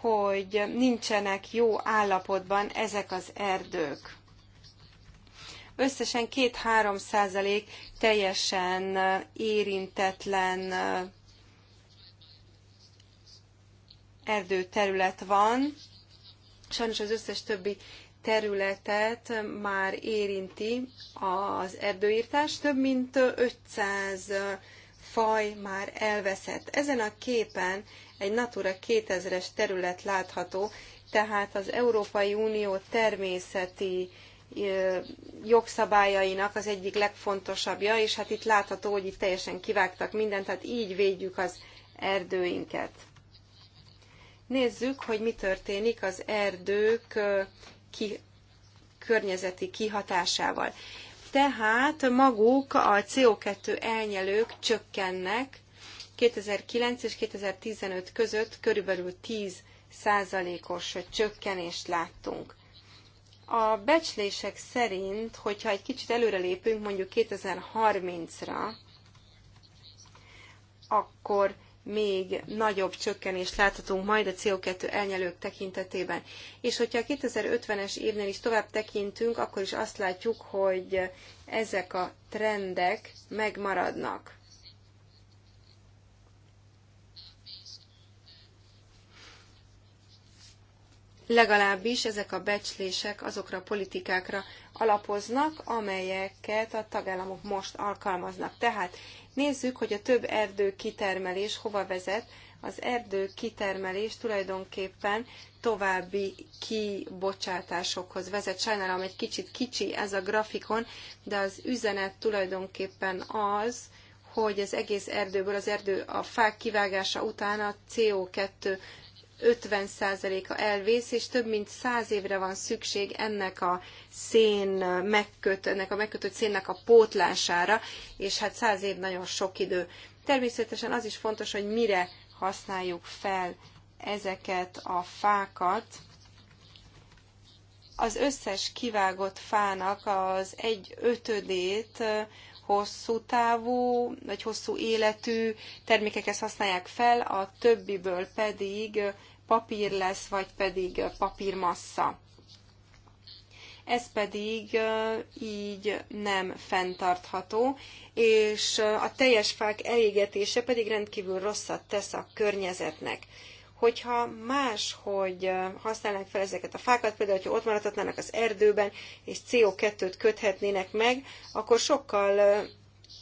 Speaker 2: hogy nincsenek jó állapotban ezek az erdők összesen 2-3 százalék teljesen érintetlen erdőterület van. Sajnos az összes többi területet már érinti az erdőírtás, több mint 500 faj már elveszett. Ezen a képen egy Natura 2000-es terület látható, tehát az Európai Unió természeti jogszabályainak az egyik legfontosabbja, és hát itt látható, hogy itt teljesen kivágtak mindent, tehát így védjük az erdőinket. Nézzük, hogy mi történik az erdők ki, környezeti kihatásával. Tehát maguk a CO2 elnyelők csökkennek 2009 és 2015 között körülbelül 10 százalékos csökkenést láttunk. A becslések szerint, hogyha egy kicsit előrelépünk, mondjuk 2030-ra, akkor még nagyobb csökkenést láthatunk majd a CO2 elnyelők tekintetében. És hogyha a 2050-es évnél is tovább tekintünk, akkor is azt látjuk, hogy ezek a trendek megmaradnak. Legalábbis ezek a becslések azokra a politikákra alapoznak, amelyeket a tagállamok most alkalmaznak. Tehát nézzük, hogy a több erdő kitermelés hova vezet. Az erdő kitermelés tulajdonképpen további kibocsátásokhoz vezet. Sajnálom, egy kicsit kicsi ez a grafikon, de az üzenet tulajdonképpen az, hogy az egész erdőből, az erdő a fák kivágása után a CO2 50%-a elvész, és több mint 100 évre van szükség ennek a szén megköt, ennek a megkötött szénnek a pótlására, és hát 100 év nagyon sok idő. Természetesen az is fontos, hogy mire használjuk fel ezeket a fákat. Az összes kivágott fának az egy ötödét hosszú távú vagy hosszú életű termékekhez használják fel, a többiből pedig papír lesz, vagy pedig papírmassa. Ez pedig így nem fenntartható, és a teljes fák elégetése pedig rendkívül rosszat tesz a környezetnek hogyha máshogy használnánk fel ezeket a fákat, például, hogyha ott maradhatnának az erdőben, és CO2-t köthetnének meg, akkor sokkal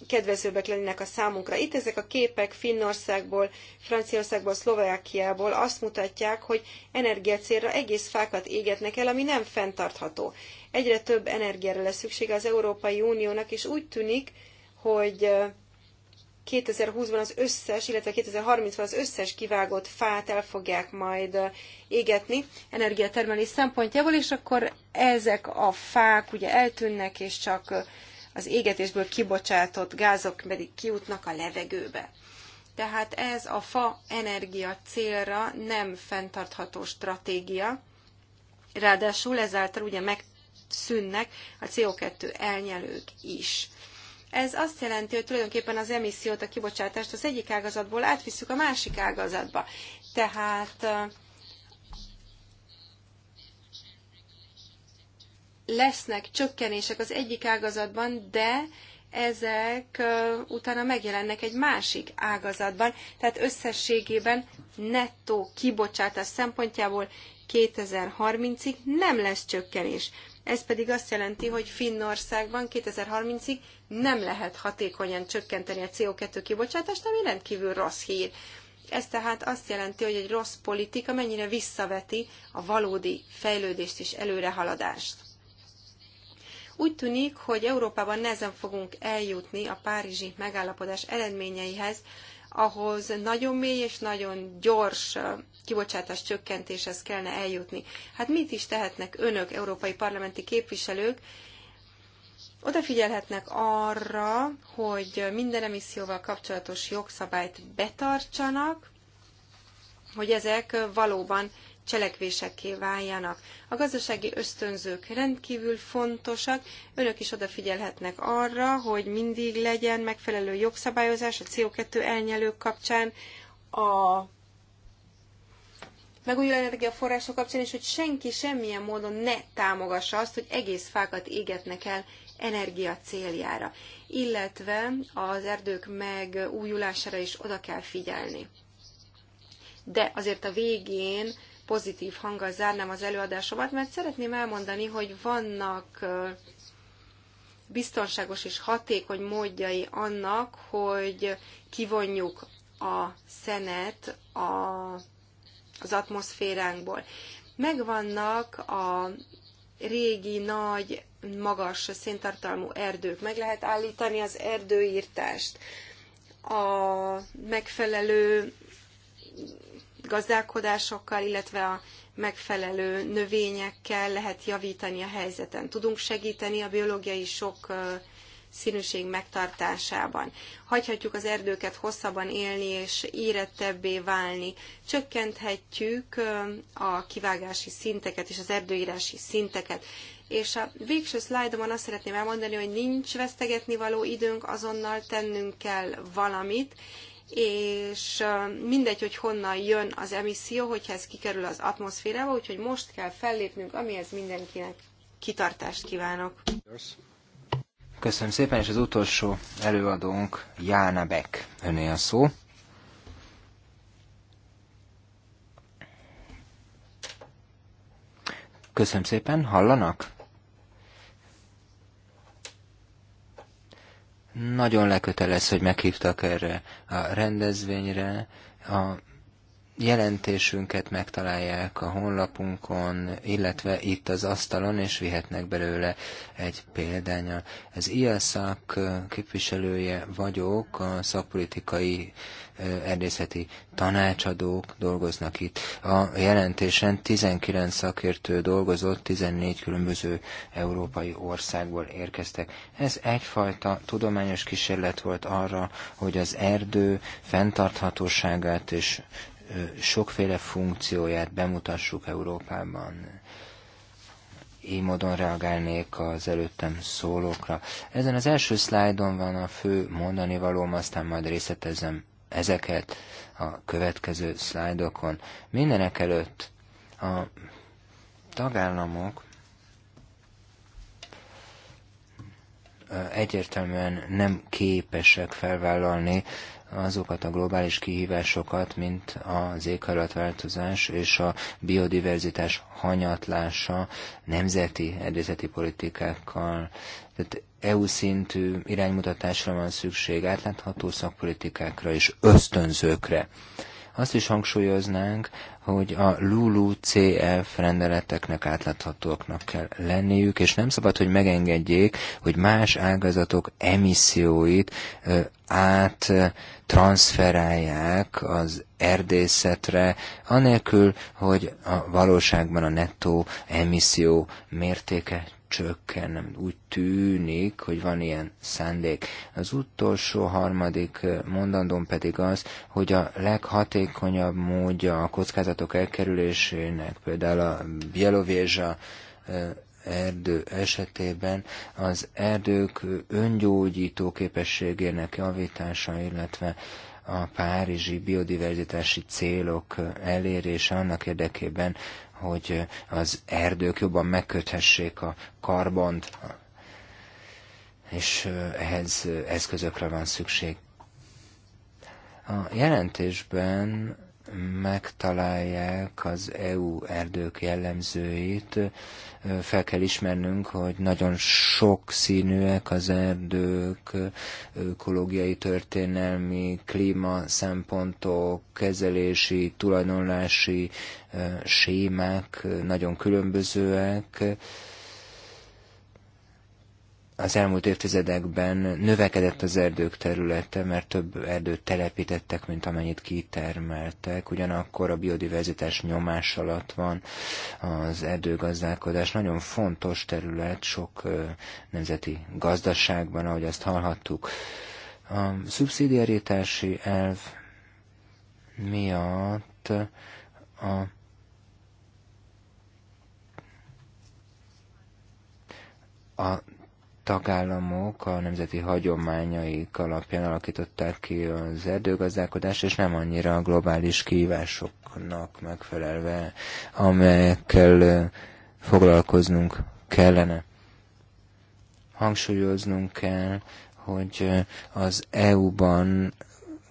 Speaker 2: kedvezőbbek lennének a számunkra. Itt ezek a képek Finnországból, Franciaországból, Szlovákiából azt mutatják, hogy energiacélra egész fákat égetnek el, ami nem fenntartható. Egyre több energiára lesz szüksége az Európai Uniónak, és úgy tűnik, hogy 2020-ban az összes, illetve 2030-ban az összes kivágott fát el fogják majd égetni energiatermelés szempontjából, és akkor ezek a fák ugye eltűnnek, és csak az égetésből kibocsátott gázok pedig kijutnak a levegőbe. Tehát ez a fa energia célra nem fenntartható stratégia, ráadásul ezáltal ugye megszűnnek a CO2 elnyelők is. Ez azt jelenti, hogy tulajdonképpen az emissziót, a kibocsátást az egyik ágazatból átvisszük a másik ágazatba. Tehát lesznek csökkenések az egyik ágazatban, de ezek utána megjelennek egy másik ágazatban, tehát összességében nettó kibocsátás szempontjából 2030-ig nem lesz csökkenés. Ez pedig azt jelenti, hogy Finnországban 2030-ig nem lehet hatékonyan csökkenteni a CO2 kibocsátást, ami rendkívül rossz hír. Ez tehát azt jelenti, hogy egy rossz politika mennyire visszaveti a valódi fejlődést és előrehaladást. Úgy tűnik, hogy Európában nehezen fogunk eljutni a párizsi megállapodás eredményeihez, ahhoz nagyon mély és nagyon gyors kibocsátás csökkentéshez kellene eljutni. Hát mit is tehetnek önök, európai parlamenti képviselők, Odafigyelhetnek arra, hogy minden emisszióval kapcsolatos jogszabályt betartsanak, hogy ezek valóban cselekvésekké váljanak. A gazdasági ösztönzők rendkívül fontosak, önök is odafigyelhetnek arra, hogy mindig legyen megfelelő jogszabályozás a CO2 elnyelők kapcsán, a megújuló energiaforrások kapcsán is, hogy senki semmilyen módon ne támogassa azt, hogy egész fákat égetnek el energia céljára, illetve az erdők megújulására is oda kell figyelni. De azért a végén pozitív hanggal zárnám az előadásomat, mert szeretném elmondani, hogy vannak biztonságos és hatékony módjai annak, hogy kivonjuk a szenet a az atmoszféránkból. Megvannak a régi, nagy, magas széntartalmú erdők. Meg lehet állítani az erdőírtást, a megfelelő gazdálkodásokkal, illetve a megfelelő növényekkel lehet javítani a helyzeten. Tudunk segíteni a biológiai sok színűség megtartásában. Hagyhatjuk az erdőket hosszabban élni és érettebbé válni. Csökkenthetjük a kivágási szinteket és az erdőírási szinteket. És a végső szlájdomon azt szeretném elmondani, hogy nincs vesztegetni való időnk, azonnal tennünk kell valamit, és mindegy, hogy honnan jön az emisszió, hogyha ez kikerül az atmoszférába, úgyhogy most kell fellépnünk, amihez mindenkinek kitartást kívánok.
Speaker 3: Köszönöm szépen, és az utolsó előadónk Jána Beck. Öné a szó. Köszönöm szépen, hallanak? Nagyon lekötelez, hogy meghívtak erre a rendezvényre. A jelentésünket megtalálják a honlapunkon, illetve itt az asztalon, és vihetnek belőle egy példányal. Az IASZAK képviselője vagyok, a szakpolitikai erdészeti tanácsadók dolgoznak itt. A jelentésen 19 szakértő dolgozott, 14 különböző európai országból érkeztek. Ez egyfajta tudományos kísérlet volt arra, hogy az erdő fenntarthatóságát és sokféle funkcióját bemutassuk Európában. Én módon reagálnék az előttem szólókra. Ezen az első szlájdon van a fő mondani valóm, aztán majd részletezem ezeket a következő szlájdokon. Mindenek előtt a tagállamok egyértelműen nem képesek felvállalni azokat a globális kihívásokat, mint az éghajlatváltozás és a biodiverzitás hanyatlása nemzeti erdészeti politikákkal. Tehát EU szintű iránymutatásra van szükség, átlátható szakpolitikákra és ösztönzőkre. Azt is hangsúlyoznánk, hogy a LULU-CF rendeleteknek átláthatóaknak kell lenniük, és nem szabad, hogy megengedjék, hogy más ágazatok emisszióit ö, át transferálják az erdészetre, anélkül, hogy a valóságban a nettó emisszió mértéke csökken, úgy tűnik, hogy van ilyen szándék. Az utolsó harmadik mondandóm pedig az, hogy a leghatékonyabb módja a kockázatok elkerülésének, például a Bielovézsa erdő esetében az erdők öngyógyító képességének javítása, illetve a párizsi biodiverzitási célok elérése annak érdekében, hogy az erdők jobban megköthessék a karbont, és ehhez eszközökre van szükség. A jelentésben megtalálják az EU erdők jellemzőit, fel kell ismernünk, hogy nagyon sok színűek az erdők, ökológiai, történelmi, klíma szempontok, kezelési, tulajdonlási sémák nagyon különbözőek, az elmúlt évtizedekben növekedett az erdők területe, mert több erdőt telepítettek, mint amennyit kitermeltek. Ugyanakkor a biodiverzitás nyomás alatt van az erdőgazdálkodás. Nagyon fontos terület sok nemzeti gazdaságban, ahogy azt hallhattuk. A szubszidiaritási elv miatt a a tagállamok a nemzeti hagyományaik alapján alakították ki az erdőgazdálkodást, és nem annyira a globális kihívásoknak megfelelve, amelyekkel foglalkoznunk kellene. Hangsúlyoznunk kell, hogy az EU-ban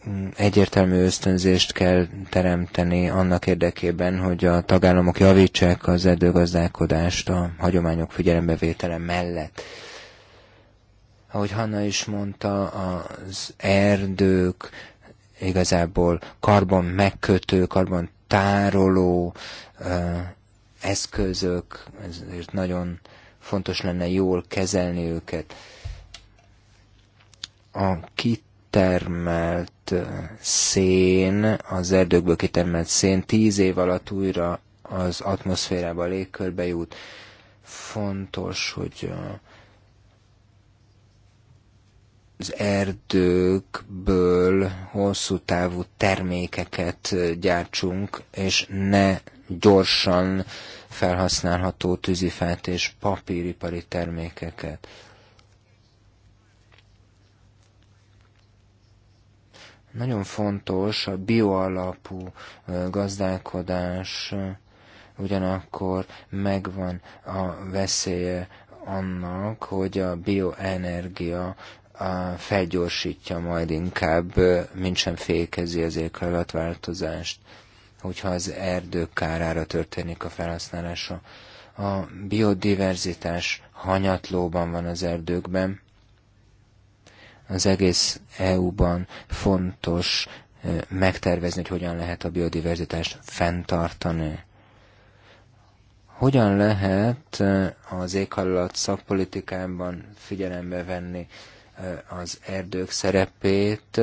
Speaker 3: mm, egyértelmű ösztönzést kell teremteni annak érdekében, hogy a tagállamok javítsák az erdőgazdálkodást a hagyományok figyelembevétele mellett. Ahogy Hanna is mondta, az erdők igazából karbon megkötő, karbon tároló eszközök, ezért nagyon fontos lenne jól kezelni őket. A kitermelt szén, az erdőkből kitermelt szén tíz év alatt újra az atmoszférába, a légkörbe jut. Fontos, hogy uh, az erdőkből hosszú távú termékeket gyártsunk, és ne gyorsan felhasználható tűzifát és papíripari termékeket. Nagyon fontos a bioalapú gazdálkodás, ugyanakkor megvan a veszélye annak, hogy a bioenergia felgyorsítja majd inkább, mint sem fékezi az éghajlatváltozást, hogyha az erdők kárára történik a felhasználása. A biodiverzitás hanyatlóban van az erdőkben, az egész EU-ban fontos megtervezni, hogy hogyan lehet a biodiverzitást fenntartani. Hogyan lehet az éghajlat szakpolitikában figyelembe venni Eh, az erdők szerepét.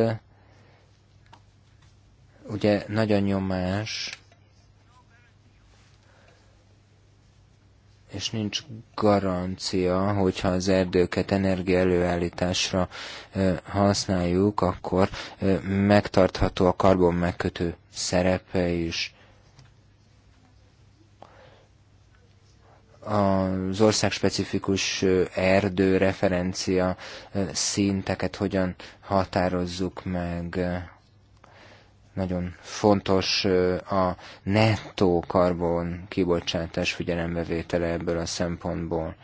Speaker 3: Ugye nagy a nyomás, és nincs garancia, hogyha az erdőket energiaelőállításra eh, használjuk, akkor eh, megtartható a karbon megkötő szerepe is. az országspecifikus erdő referencia szinteket hogyan határozzuk meg. Nagyon fontos a nettó karbon kibocsátás figyelembevétele ebből a szempontból.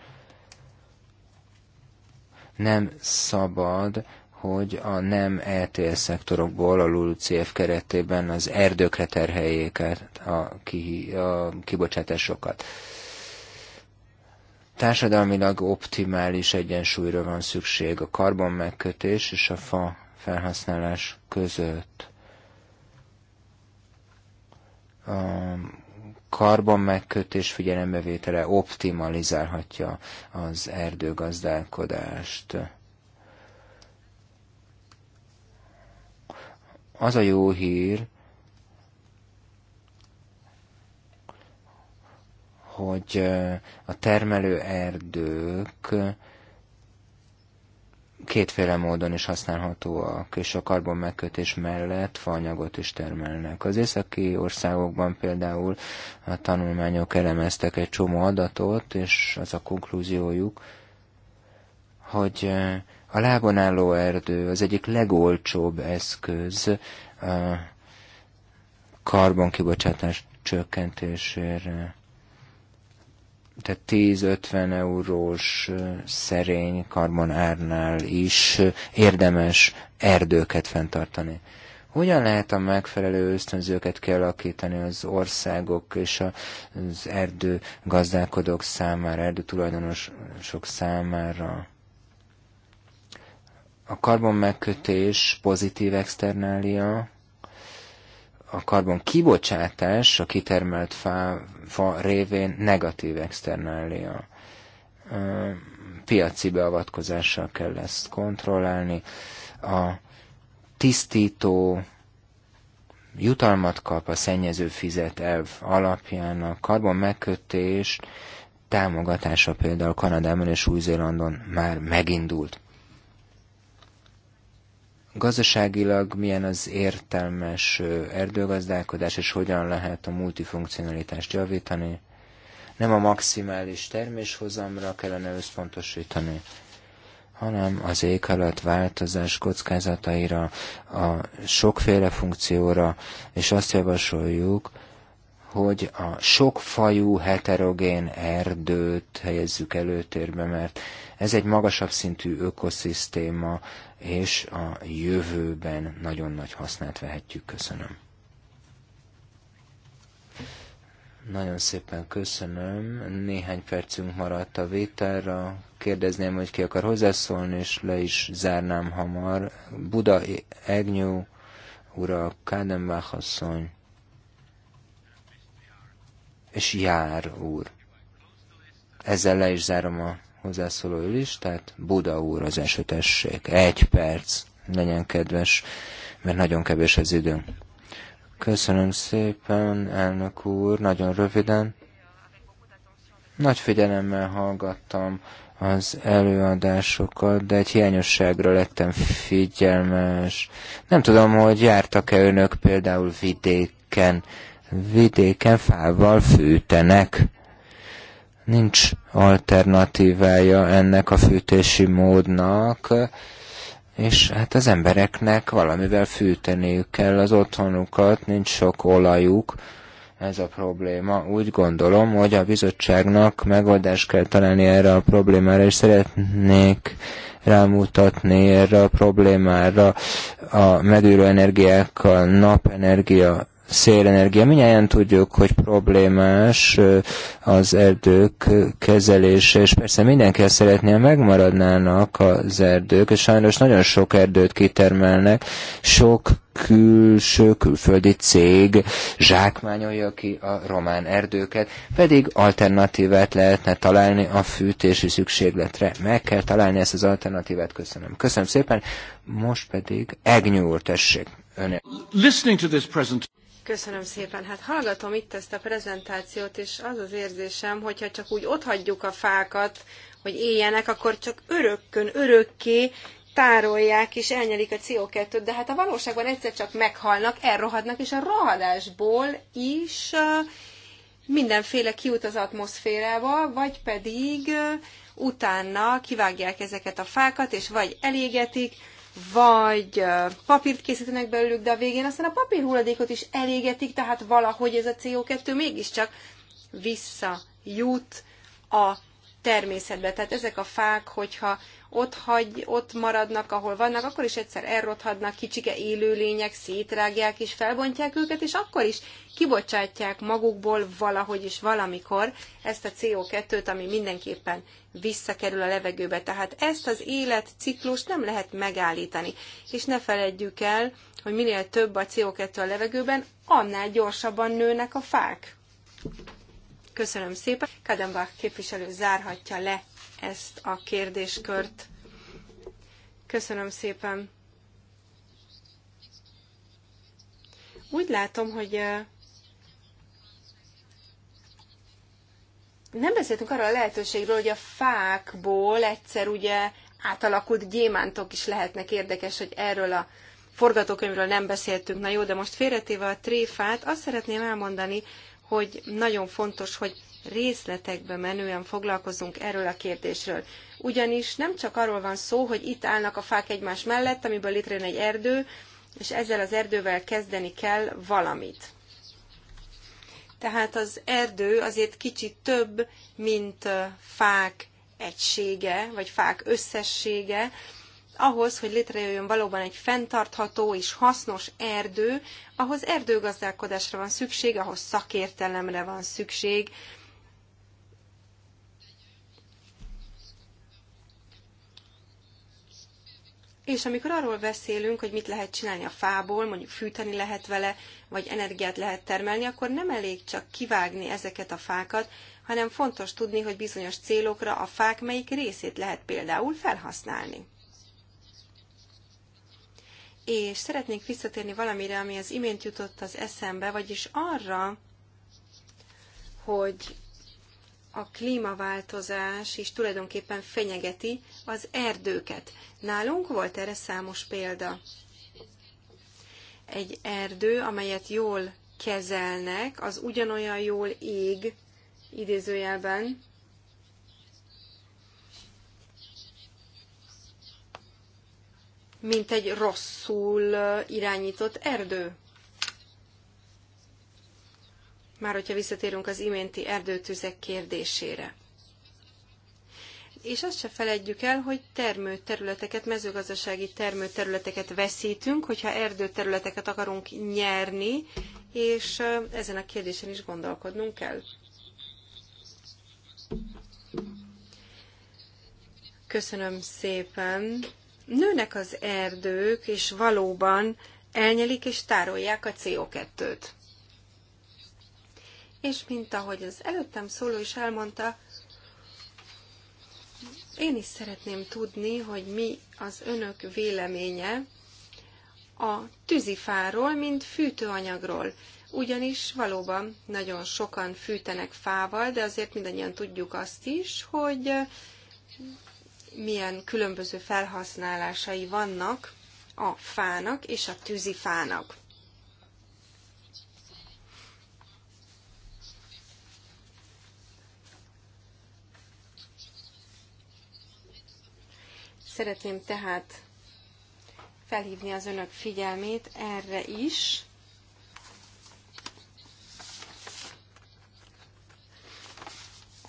Speaker 3: Nem szabad, hogy a nem ETS szektorokból a LULCF keretében az erdőkre terheljék a, ki, a kibocsátásokat. Társadalmilag optimális egyensúlyra van szükség a karbon megkötés és a fa felhasználás között. A karbon megkötés figyelembevétele optimalizálhatja az erdőgazdálkodást. Az a jó hír, hogy a termelő erdők kétféle módon is használhatóak, és a karbon megkötés mellett faanyagot is termelnek. Az északi országokban például a tanulmányok elemeztek egy csomó adatot, és az a konklúziójuk, hogy a lábon álló erdő az egyik legolcsóbb eszköz a karbonkibocsátás csökkentésére tehát 10-50 eurós szerény karbonárnál is érdemes erdőket fenntartani. Hogyan lehet a megfelelő ösztönzőket kialakítani az országok és az erdő gazdálkodók számára, erdő tulajdonosok számára? A karbon megkötés pozitív externália, a karbon kibocsátás a kitermelt fa, fa révén negatív externália. Piaci beavatkozással kell ezt kontrollálni. A tisztító jutalmat kap a szennyező fizet elv alapján a karbon megkötést támogatása például Kanadában és Új-Zélandon már megindult gazdaságilag milyen az értelmes erdőgazdálkodás, és hogyan lehet a multifunkcionalitást javítani. Nem a maximális terméshozamra kellene összpontosítani, hanem az alatt változás kockázataira, a sokféle funkcióra, és azt javasoljuk, hogy a sokfajú heterogén erdőt helyezzük előtérbe, mert ez egy magasabb szintű ökoszisztéma, és a jövőben nagyon nagy hasznát vehetjük. Köszönöm. Nagyon szépen köszönöm. Néhány percünk maradt a vételre. Kérdezném, hogy ki akar hozzászólni, és le is zárnám hamar. Buda Egnyú, ura Kádenbach asszony, és Jár úr. Ezzel le is zárom a is, tehát Buda úr az első Egy perc, legyen kedves, mert nagyon kevés az időnk. Köszönöm szépen, elnök úr, nagyon röviden. Nagy figyelemmel hallgattam az előadásokat, de egy hiányosságra lettem figyelmes. Nem tudom, hogy jártak-e önök például vidéken. Vidéken fával fűtenek. Nincs alternatívája ennek a fűtési módnak, és hát az embereknek valamivel fűteniük kell az otthonukat, nincs sok olajuk, ez a probléma. Úgy gondolom, hogy a bizottságnak megoldást kell találni erre a problémára, és szeretnék rámutatni erre a problémára a megújuló energiákkal, napenergia szélenergia. Minnyáján tudjuk, hogy problémás az erdők kezelése, és persze mindenki azt szeretné, ha megmaradnának az erdők, és sajnos nagyon sok erdőt kitermelnek, sok külső, külföldi cég zsákmányolja ki a román erdőket, pedig alternatívát lehetne találni a fűtési szükségletre. Meg kell találni ezt az alternatívát, köszönöm. Köszönöm szépen, most pedig Egnyúr, tessék.
Speaker 2: Listening to this present Köszönöm szépen. Hát hallgatom itt ezt a prezentációt, és az az érzésem, hogyha csak úgy otthagyjuk a fákat, hogy éljenek, akkor csak örökkön, örökké tárolják és elnyelik a CO2-t, de hát a valóságban egyszer csak meghalnak, elrohadnak, és a rohadásból is mindenféle kiút az atmoszférába, vagy pedig utána kivágják ezeket a fákat, és vagy elégetik, vagy papírt készítenek belőlük, de a végén aztán a papír hulladékot is elégetik, tehát valahogy ez a CO2 mégiscsak visszajut a természetbe. Tehát ezek a fák, hogyha ott, hagy, ott maradnak, ahol vannak, akkor is egyszer elrothadnak, kicsike élőlények, szétrágják és felbontják őket, és akkor is kibocsátják magukból valahogy is valamikor ezt a CO2-t, ami mindenképpen visszakerül a levegőbe. Tehát ezt az életciklust nem lehet megállítani. És ne feledjük el, hogy minél több a CO2 a levegőben, annál gyorsabban nőnek a fák. Köszönöm szépen. Kadenbach képviselő zárhatja le ezt a kérdéskört. Köszönöm szépen. Úgy látom, hogy nem beszéltünk arra a lehetőségről, hogy a fákból egyszer ugye átalakult gyémántok is lehetnek érdekes, hogy erről a forgatókönyvről nem beszéltünk, na jó, de most félretéve a tréfát, azt szeretném elmondani, hogy nagyon fontos, hogy részletekbe menően foglalkozunk erről a kérdésről. Ugyanis nem csak arról van szó, hogy itt állnak a fák egymás mellett, amiből létrejön egy erdő, és ezzel az erdővel kezdeni kell valamit. Tehát az erdő azért kicsit több, mint fák egysége, vagy fák összessége, ahhoz, hogy létrejöjjön valóban egy fenntartható és hasznos erdő, ahhoz erdőgazdálkodásra van szükség, ahhoz szakértelemre van szükség, És amikor arról beszélünk, hogy mit lehet csinálni a fából, mondjuk fűteni lehet vele, vagy energiát lehet termelni, akkor nem elég csak kivágni ezeket a fákat, hanem fontos tudni, hogy bizonyos célokra a fák melyik részét lehet például felhasználni. És szeretnék visszatérni valamire, ami az imént jutott az eszembe, vagyis arra, hogy a klímaváltozás is tulajdonképpen fenyegeti az erdőket. Nálunk volt erre számos példa. Egy erdő, amelyet jól kezelnek, az ugyanolyan jól ég, idézőjelben, mint egy rosszul irányított erdő. Már hogyha visszatérünk az iménti erdőtüzek kérdésére. És azt se feledjük el, hogy termőterületeket, mezőgazdasági termőterületeket veszítünk, hogyha erdőterületeket akarunk nyerni, és ezen a kérdésen is gondolkodnunk kell. Köszönöm szépen. Nőnek az erdők, és valóban elnyelik és tárolják a CO2-t és mint ahogy az előttem szóló is elmondta, én is szeretném tudni, hogy mi az önök véleménye a tűzifáról, mint fűtőanyagról. Ugyanis valóban nagyon sokan fűtenek fával, de azért mindannyian tudjuk azt is, hogy milyen különböző felhasználásai vannak a fának és a tűzifának. Szeretném tehát felhívni az önök figyelmét erre is.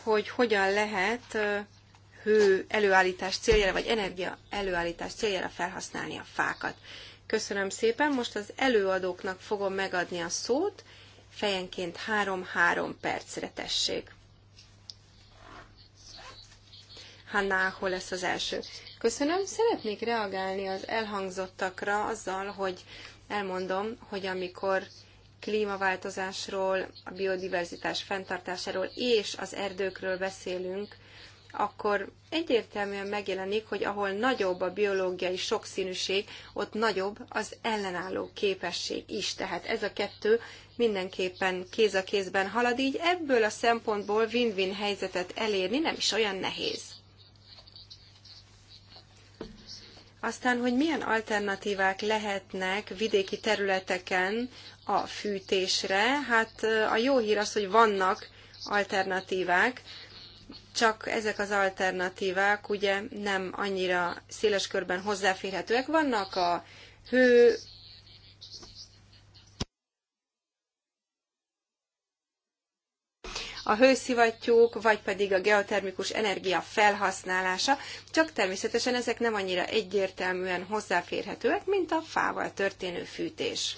Speaker 2: hogy hogyan lehet hő előállítás céljára, vagy energia előállítás céljára felhasználni a fákat. Köszönöm szépen, most az előadóknak fogom megadni a szót, fejenként 3-3 percre tessék. Hanna, hol lesz az első? Köszönöm. Szeretnék reagálni az elhangzottakra azzal, hogy elmondom, hogy amikor klímaváltozásról, a biodiverzitás fenntartásáról és az erdőkről beszélünk, akkor egyértelműen megjelenik, hogy ahol nagyobb a biológiai sokszínűség, ott nagyobb az ellenálló képesség is. Tehát ez a kettő mindenképpen kéz a kézben halad, így ebből a szempontból win-win helyzetet elérni nem is olyan nehéz. Aztán, hogy milyen alternatívák lehetnek vidéki területeken a fűtésre, hát a jó hír az, hogy vannak alternatívák, csak ezek az alternatívák ugye nem annyira széles körben hozzáférhetőek. Vannak a hő a hőszivattyúk, vagy pedig a geotermikus energia felhasználása, csak természetesen ezek nem annyira egyértelműen hozzáférhetőek, mint a fával történő fűtés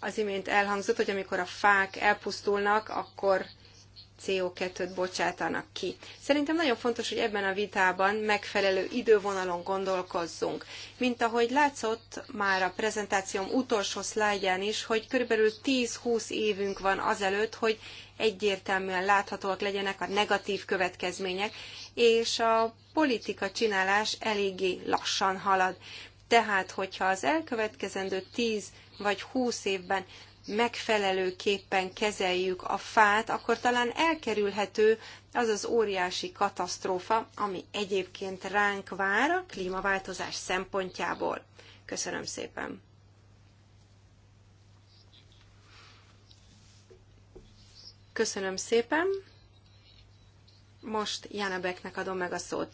Speaker 2: az imént elhangzott, hogy amikor a fák elpusztulnak, akkor CO2-t bocsátanak ki. Szerintem nagyon fontos, hogy ebben a vitában megfelelő idővonalon gondolkozzunk. Mint ahogy látszott már a prezentációm utolsó szlájdján is, hogy körülbelül 10-20 évünk van azelőtt, hogy egyértelműen láthatóak legyenek a negatív következmények, és a politika csinálás eléggé lassan halad. Tehát, hogyha az elkövetkezendő 10 vagy 20 évben megfelelőképpen kezeljük a fát, akkor talán elkerülhető az az óriási katasztrófa, ami egyébként ránk vár a klímaváltozás szempontjából. Köszönöm szépen! Köszönöm szépen! Most Jana Becknek adom meg a szót.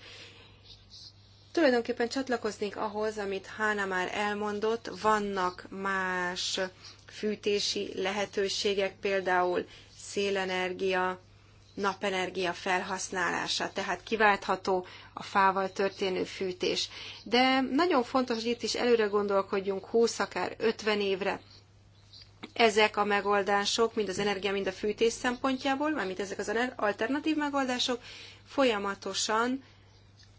Speaker 2: Tulajdonképpen csatlakoznék ahhoz, amit Hána már elmondott, vannak más fűtési lehetőségek, például szélenergia, napenergia felhasználása, tehát kiváltható a fával történő fűtés. De nagyon fontos, hogy itt is előre gondolkodjunk 20, akár 50 évre. Ezek a megoldások, mind az energia, mind a fűtés szempontjából, mármint ezek az alternatív megoldások, folyamatosan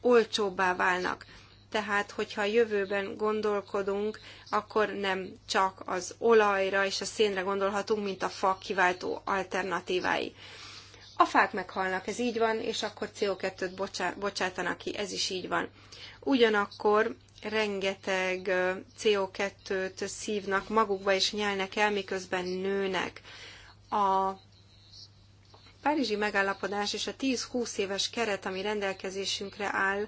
Speaker 2: olcsóbbá válnak. Tehát, hogyha a jövőben gondolkodunk, akkor nem csak az olajra és a szénre gondolhatunk, mint a fa kiváltó alternatívái. A fák meghalnak, ez így van, és akkor CO2-t bocsátanak ki, ez is így van. Ugyanakkor rengeteg CO2-t szívnak magukba és nyelnek el, miközben nőnek. A Párizsi megállapodás és a 10-20 éves keret, ami rendelkezésünkre áll,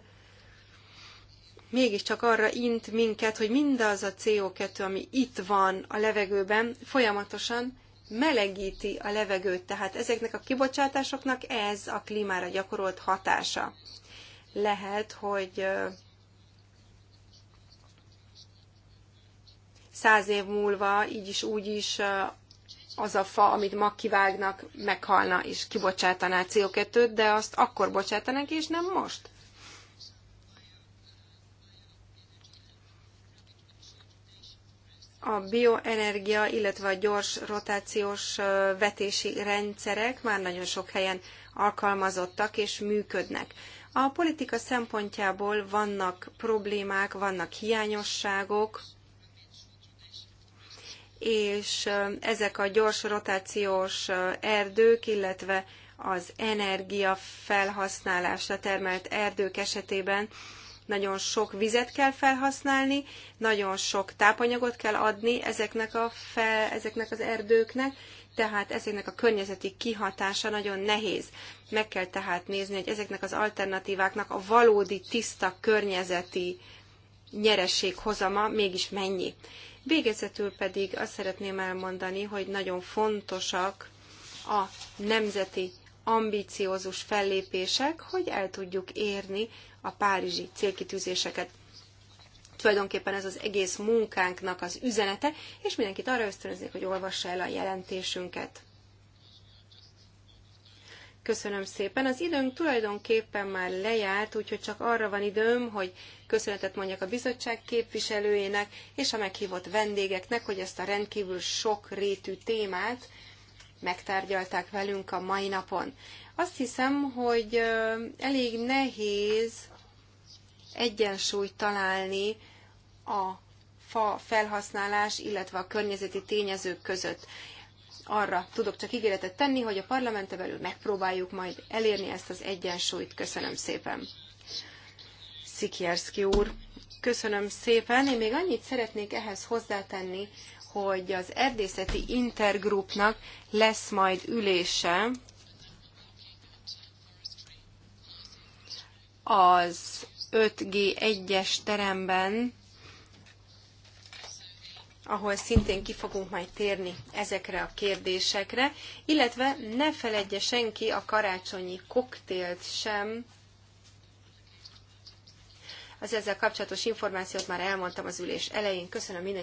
Speaker 2: mégiscsak arra int minket, hogy mindaz a CO2, ami itt van a levegőben, folyamatosan melegíti a levegőt. Tehát ezeknek a kibocsátásoknak ez a klímára gyakorolt hatása. Lehet, hogy száz év múlva így is úgy is az a fa, amit ma kivágnak, meghalna és kibocsátaná co 2 de azt akkor bocsátanak és nem most. a bioenergia, illetve a gyors rotációs vetési rendszerek már nagyon sok helyen alkalmazottak és működnek. A politika szempontjából vannak problémák, vannak hiányosságok, és ezek a gyors rotációs erdők, illetve az energia felhasználásra termelt erdők esetében nagyon sok vizet kell felhasználni, nagyon sok tápanyagot kell adni ezeknek, a fe, ezeknek az erdőknek, tehát ezeknek a környezeti kihatása nagyon nehéz. Meg kell tehát nézni, hogy ezeknek az alternatíváknak a valódi, tiszta környezeti nyeresség hozama mégis mennyi. Végezetül pedig azt szeretném elmondani, hogy nagyon fontosak a nemzeti ambiciózus fellépések, hogy el tudjuk érni a párizsi célkitűzéseket. Tulajdonképpen ez az egész munkánknak az üzenete, és mindenkit arra ösztönöznék, hogy olvassa el a jelentésünket. Köszönöm szépen. Az időnk tulajdonképpen már lejárt, úgyhogy csak arra van időm, hogy köszönetet mondjak a bizottság képviselőjének és a meghívott vendégeknek, hogy ezt a rendkívül sok rétű témát megtárgyalták velünk a mai napon. Azt hiszem, hogy elég nehéz egyensúlyt találni a fa felhasználás, illetve a környezeti tényezők között arra tudok csak ígéretet tenni, hogy a parlamenten belül megpróbáljuk majd elérni ezt az egyensúlyt. Köszönöm szépen. Szikierszki úr, köszönöm szépen. Én még annyit szeretnék ehhez hozzátenni, hogy az erdészeti intergrupnak lesz majd ülése az 5G1-es teremben ahol szintén ki fogunk majd térni ezekre a kérdésekre, illetve ne feledje senki a karácsonyi koktélt sem. Az ezzel kapcsolatos információt már elmondtam az ülés elején. Köszönöm mindenkinek.